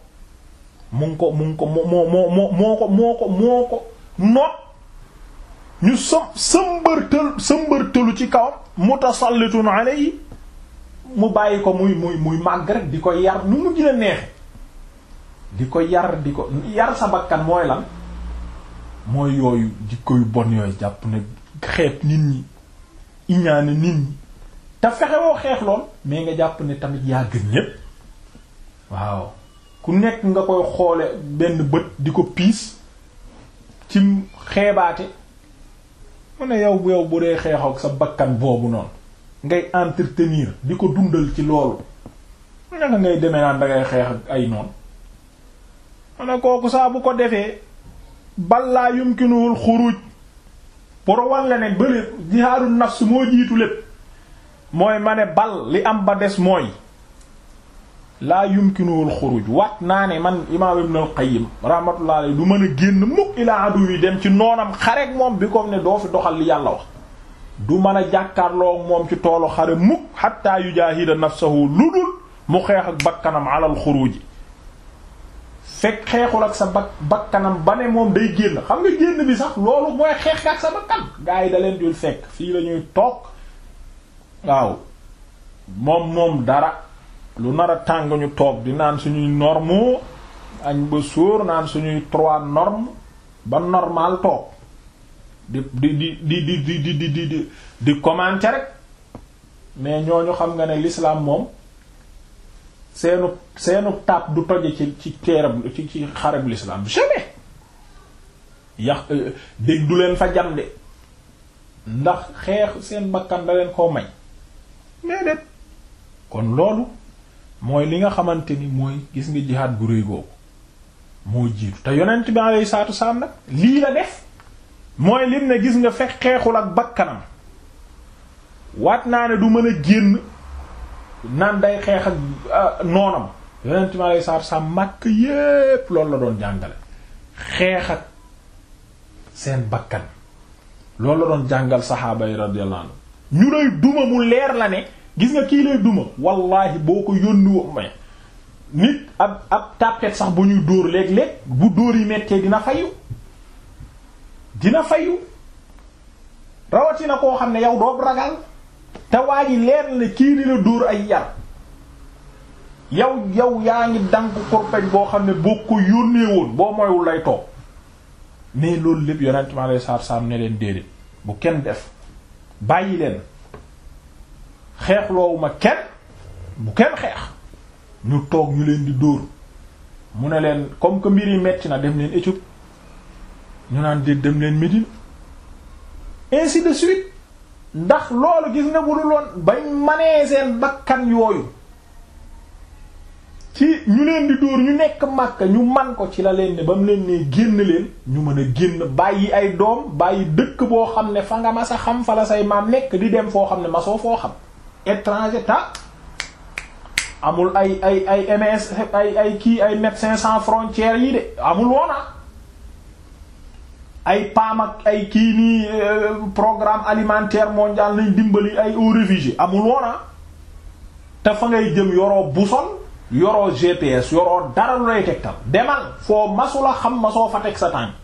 mu ngi ko mu ko moo moo moo moo ko moo ko noot ñu së sëmbërtal sëmbërtalu ci kawam mutasallitun alayhi mu bàyyi ko muy muy muy màgg rek di ko yar nu mu gën neexe di ko yar di ko yar sa bakkan mooy lan mooy yooyu jikko yu bon yooyu jàpp ne xeet nit ñi iñaane nit ñi te fexewoo xeex mais nga jàpp ni tamit yaa gën ñépp waaw ku nekk nga koy xoole benn bët di ko piis ci xeebaate mu ne yow yow bu dee xeexoo sa bakkan boobu noonu ngay entretenir di ko dundal ci loolu naka ngay demee naan dangay xeex ak ay noon ma kooku saa bu ko defee bal laa yumkinuwul xuruj pour wan la ne bële jihaadu moo jiitu lépp mooy ma ne li am ba des mooy laa yumkinuwul xuruj waat naa ne man imaam ibn al mën a génn dem ci noonam xareek moom bi ko ne doo fi doxal li yàlla wax du mën a jàkkaarloo moom ci toolu xare mukk xatta yujaahida nafsahu lu dul mu xeex ak bakkanam alal xuruji fekk xeexul ak sa bak bakkanam ba ne moom day génn xam nga génn bi sax loolu mooy xeex ak sa bakkan gaa yi da leen dul fekk fii lañuy toog waaw moom moom dara lu nar a tàng ñu toog di naan suñuy norme añ ba sóor naan suñuy trois norme ba normal toog di di di di di di di di di di commenter rek mais ñooñu xam nga ne lislaam moom seenu seenu taab du toje ci ci teeram ci ci xareb l'islam jamais yax euh, dégg du leen fa jam de ndax xeex seen bakkan da leen koo may mais de kon loolu mooy li nga xamante ni mooy gis nga jihaad bu réy boobu moo jiitu te yonent bi alayhi salaatu nag lii la def mooy lim ne gis nga fekk xeexul ak bakkanam waat naa ne du mën a génn naan day xeex ak ah, noonam yonent mi aleyhi salaatu salaam yépp loolu la doon jàngale xeex ak seen bakkan loolu la doon jàngal saxaaba yi radiyallahu ñu lay duma mu leer la ne gis nga kii lay duma wallaahi boo ko yónni woo may nit ab ab tàppet sax bu ñuy dóor léeg-léeg bu dóor yi mettee dina fayu dina fayu rawatina koo xam ne yow doo ragal te waa ji leer na kii di la dóor ay yar yow yow yaa ngi dank korpej boo xam ne boo ko yónnee woon boo moywul lay toog mais loolu lépp yonent mi alayhi salaatu salaam ne leen déedéet bu kenn def bàyyi leen xeexloowu ma kenn bu kenn xeex ñu toog ñu leen di dóor mu ne leen comme que mbir yi metti na dem leen Éthiopie ñu naan déet dem leen Médine ainsi ndax loolu gis nga bu dul woon bañ manee seen bakkan yooyu ci ñu leen di dóor ñu nekk Makka ñu man ko ci la leen ne ba mu leen nee génn leen ñu mën a génn bàyyi ay doom bàyyi dëkk boo xam ne fa nga ma sa xam fa la say maam nekk di dem foo xam ne ma soo foo xam étranger ta amul ay ay ay MS ay ay kii ay médecins sans frontière yi de amul woona ah. ay PAM ak ay kii nii euh, programme alimentaire mondial nañ dimbali ay aux réfugiés amul woon ah. te fa ngay jëm yoroo boussole yoroo GPS yoroo dara lu lay tegtal demal foo masula xam ma fa teg sa tànk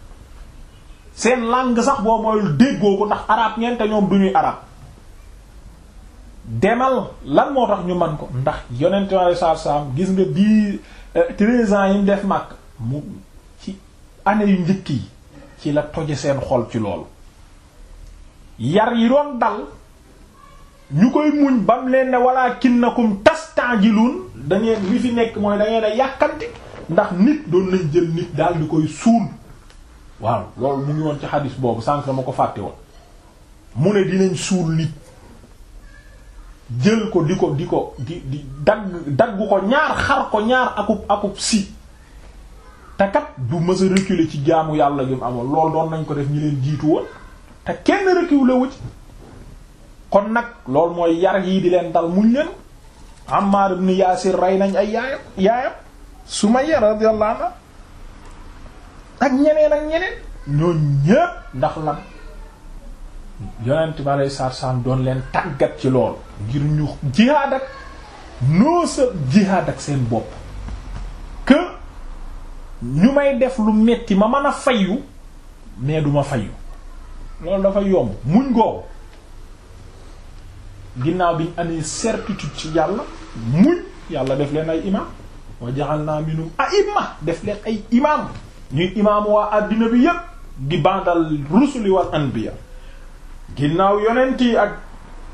seen langue sax boo mooyul déggoo ko ndax arab ngeen te ñoom du ñuy arab demal lan moo tax ñu man ko ndax yonente Yàlla sallallahu alayhi gis nga bii euh, treize yi mu def mag mu ci année yu njëkk yi ci la toje seen xol ci loolu yar yi doon dal ñu koy muñ bam leen ne walaakinnakum tastanjiluun da ngeen li fi nekk mooy da ngeen yàkkante ndax nit doon nañ jël nit daal di koy suul waaw loolu mu ngi woon ci xadis boobu sànq ma ko fàtte woon mu ne dinañ suul nit jël ko di ko di ko di di dagg dagg ko ñaar xar ko ñaar akub akub si te kat du mës a ci jaamu yàlla gi mu amoon loolu doon nañ ko def ñi leen jiitu woon te kenn reculer wu ci kon nag loolu mooy yar yi di leen dal muñ leen Ammar ibn Yaasir rey nañ ay yaayam yaayam Sumayya radiyallahu anha ak ñeneen ak ñeneen ñoo ñépp ndax lan yonent bi alei satu salaam doon leen tàggat ci loolu ngir ñu jihaad ak noo sa jihaad seen bopp que ñu may def lu metti ma mën a fayyu mais duma fayyu loolu dafa yomb muñ googu ginnaaw bi ñu amee certitude ci yàlla muñ yàlla def leen ay imaam wa ja'alna minhum a'imma def leen ay imaam ñuy imaam waa àddina bi yépp di bandal rusuli wal anbiya ginnaaw yonent ak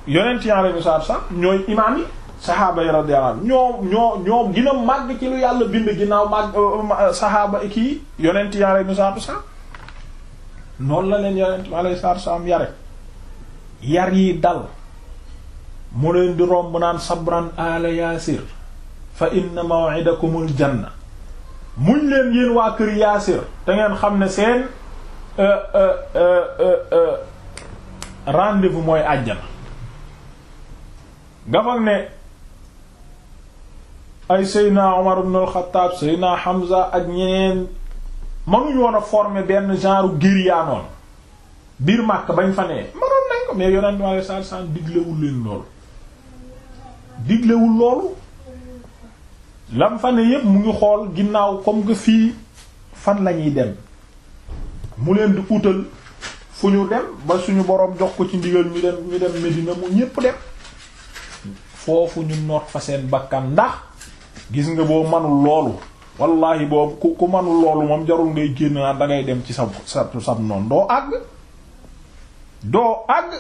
yonent yi alayhi salaatu wa ñooy imaam yi saxaaba yi radiyallahu anhum ñoo ñoo ñoo gën màgg ci lu yàlla bind ginnaaw màgg euh, euh, euh, saxaaba kii yonent yare mu saatu saam noonu la leen yonent ma lay saatu saam yare yar yi dal mu leen di romb naan sabran ala yaasir fa inna maw'idakumul janna muñ leen yéen waa kër yaasir te ngeen xam ne seen rendez-vous mooy àjjana nga ne ay Seydina Omar ibn al-Khattab Seydina Hamza ak ñeneen mënuñu woon a former benn genre guérilla noonu biir Makka bañ fane nee mënoon mais yonent Yàlla sallallahu alayhi wasallam diglewul leen loolu diglewul loolu lam fa yépp mu ngi xool ginnaaw comme que fii fan lañuy dem mu leen di utal fu ñu dem ba suñu boroom jox ko ci ndigal ñu dem ñu dem Medina mu ñépp dem foofu ñu noot fa seen bakkan ndax gis nga boo manul loolu wallahi boobu ku ku manul loolu moom jarul ngay génn naa dangay dem ci sab sab sab noonu doo àgg doo àgg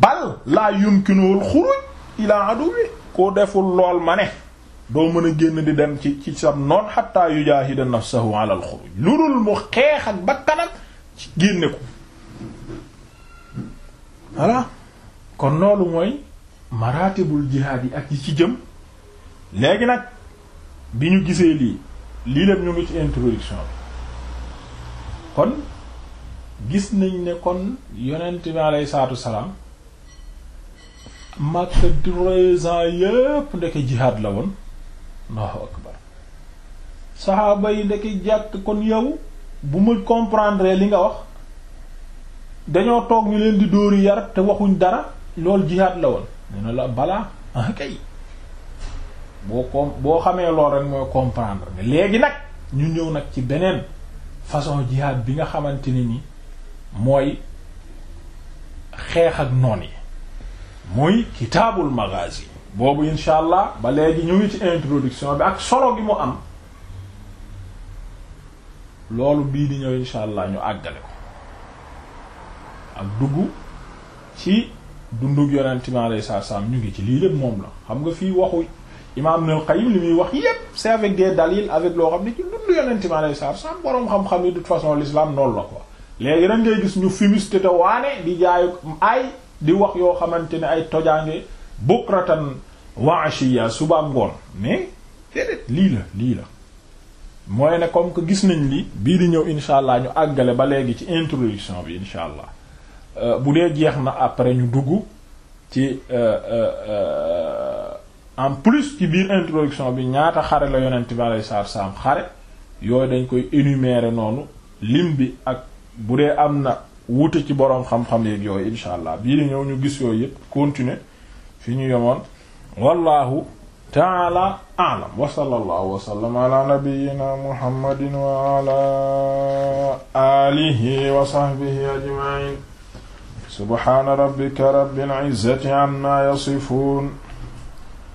bal laa yumkinuwul xuruj ilaa aduwi koo deful lool ma ne doo mën a génn di dem ci ci sab noon xatta yujaahida nafsahu ala al xuruj lu dul mu xeex ak bakkanam ci génne ko voilà kon loolu mooy maratibul jihaad yi ak yi ci jëm léegi nag bi ñu gisee lii lii lépp ñoo ngi ci introduction bi kon gis nañ ne kon yonent bi alayhi salaatu salaam Makka trois ans yépp ndeke jihaad la woon Allahu akbar saxaaba yi ndeke jàkk kon yow bu mu comprendre li nga wax dañoo toog ñu leen di dóori yar te waxuñ dara loolu jihaad la woon nee la balaa ah boo com boo xamee lool rek mooy comprendre nga léegi nag ñu ñëw nag ci beneen façon jihad bi nga xamante ni ni mooy xeex ak noon yi muy kitaabul maghazi boobu insha allah ba léegi ñu ngi ci introduction bi ak solo gi mu am loolu bii di ñëw insha allah ñu àggale ko ak dugg ci dundug yonent mi alayhi salaam ñu ngi ci lii lépp moom la xam nga fii waxu imaam Ibn al-Qayyim li muy wax yépp c'est avec des dalil avec loo xam ne ci dund yonent mi alayhi salaatu salaam boroom xam-xam yi de toute façon l'islam noonu la quoi léegi nag gis ñu fumiste te waane di jaayu ay di wax yoo xamante ne ay tojaange bukratan wa ashiya suba ngoon mais déedéet lii la lii la mooy ne comme que gis nañ li bii di ñëw insha allah ñu àggale ba léegi ci introduction bi insha allah euh, bu dee jeex na après ñu dugg ci euh, euh, en plus ci biir introduction bi ñaata xare la yonent bi alayhi salaatu salaam xare yooyu dañ koy énumérer noonu lim bi ak bu dee am na wuute ci boroom xam-xam yeeg yooyu insha allah bii di ñëw ñu gis yooyu yépp continuer fi ñu yomoon wallahu taala alam wa sallallahu wa sallam ala nabiyyina muhammadin wa ala alihi wa sahbihi ajma'in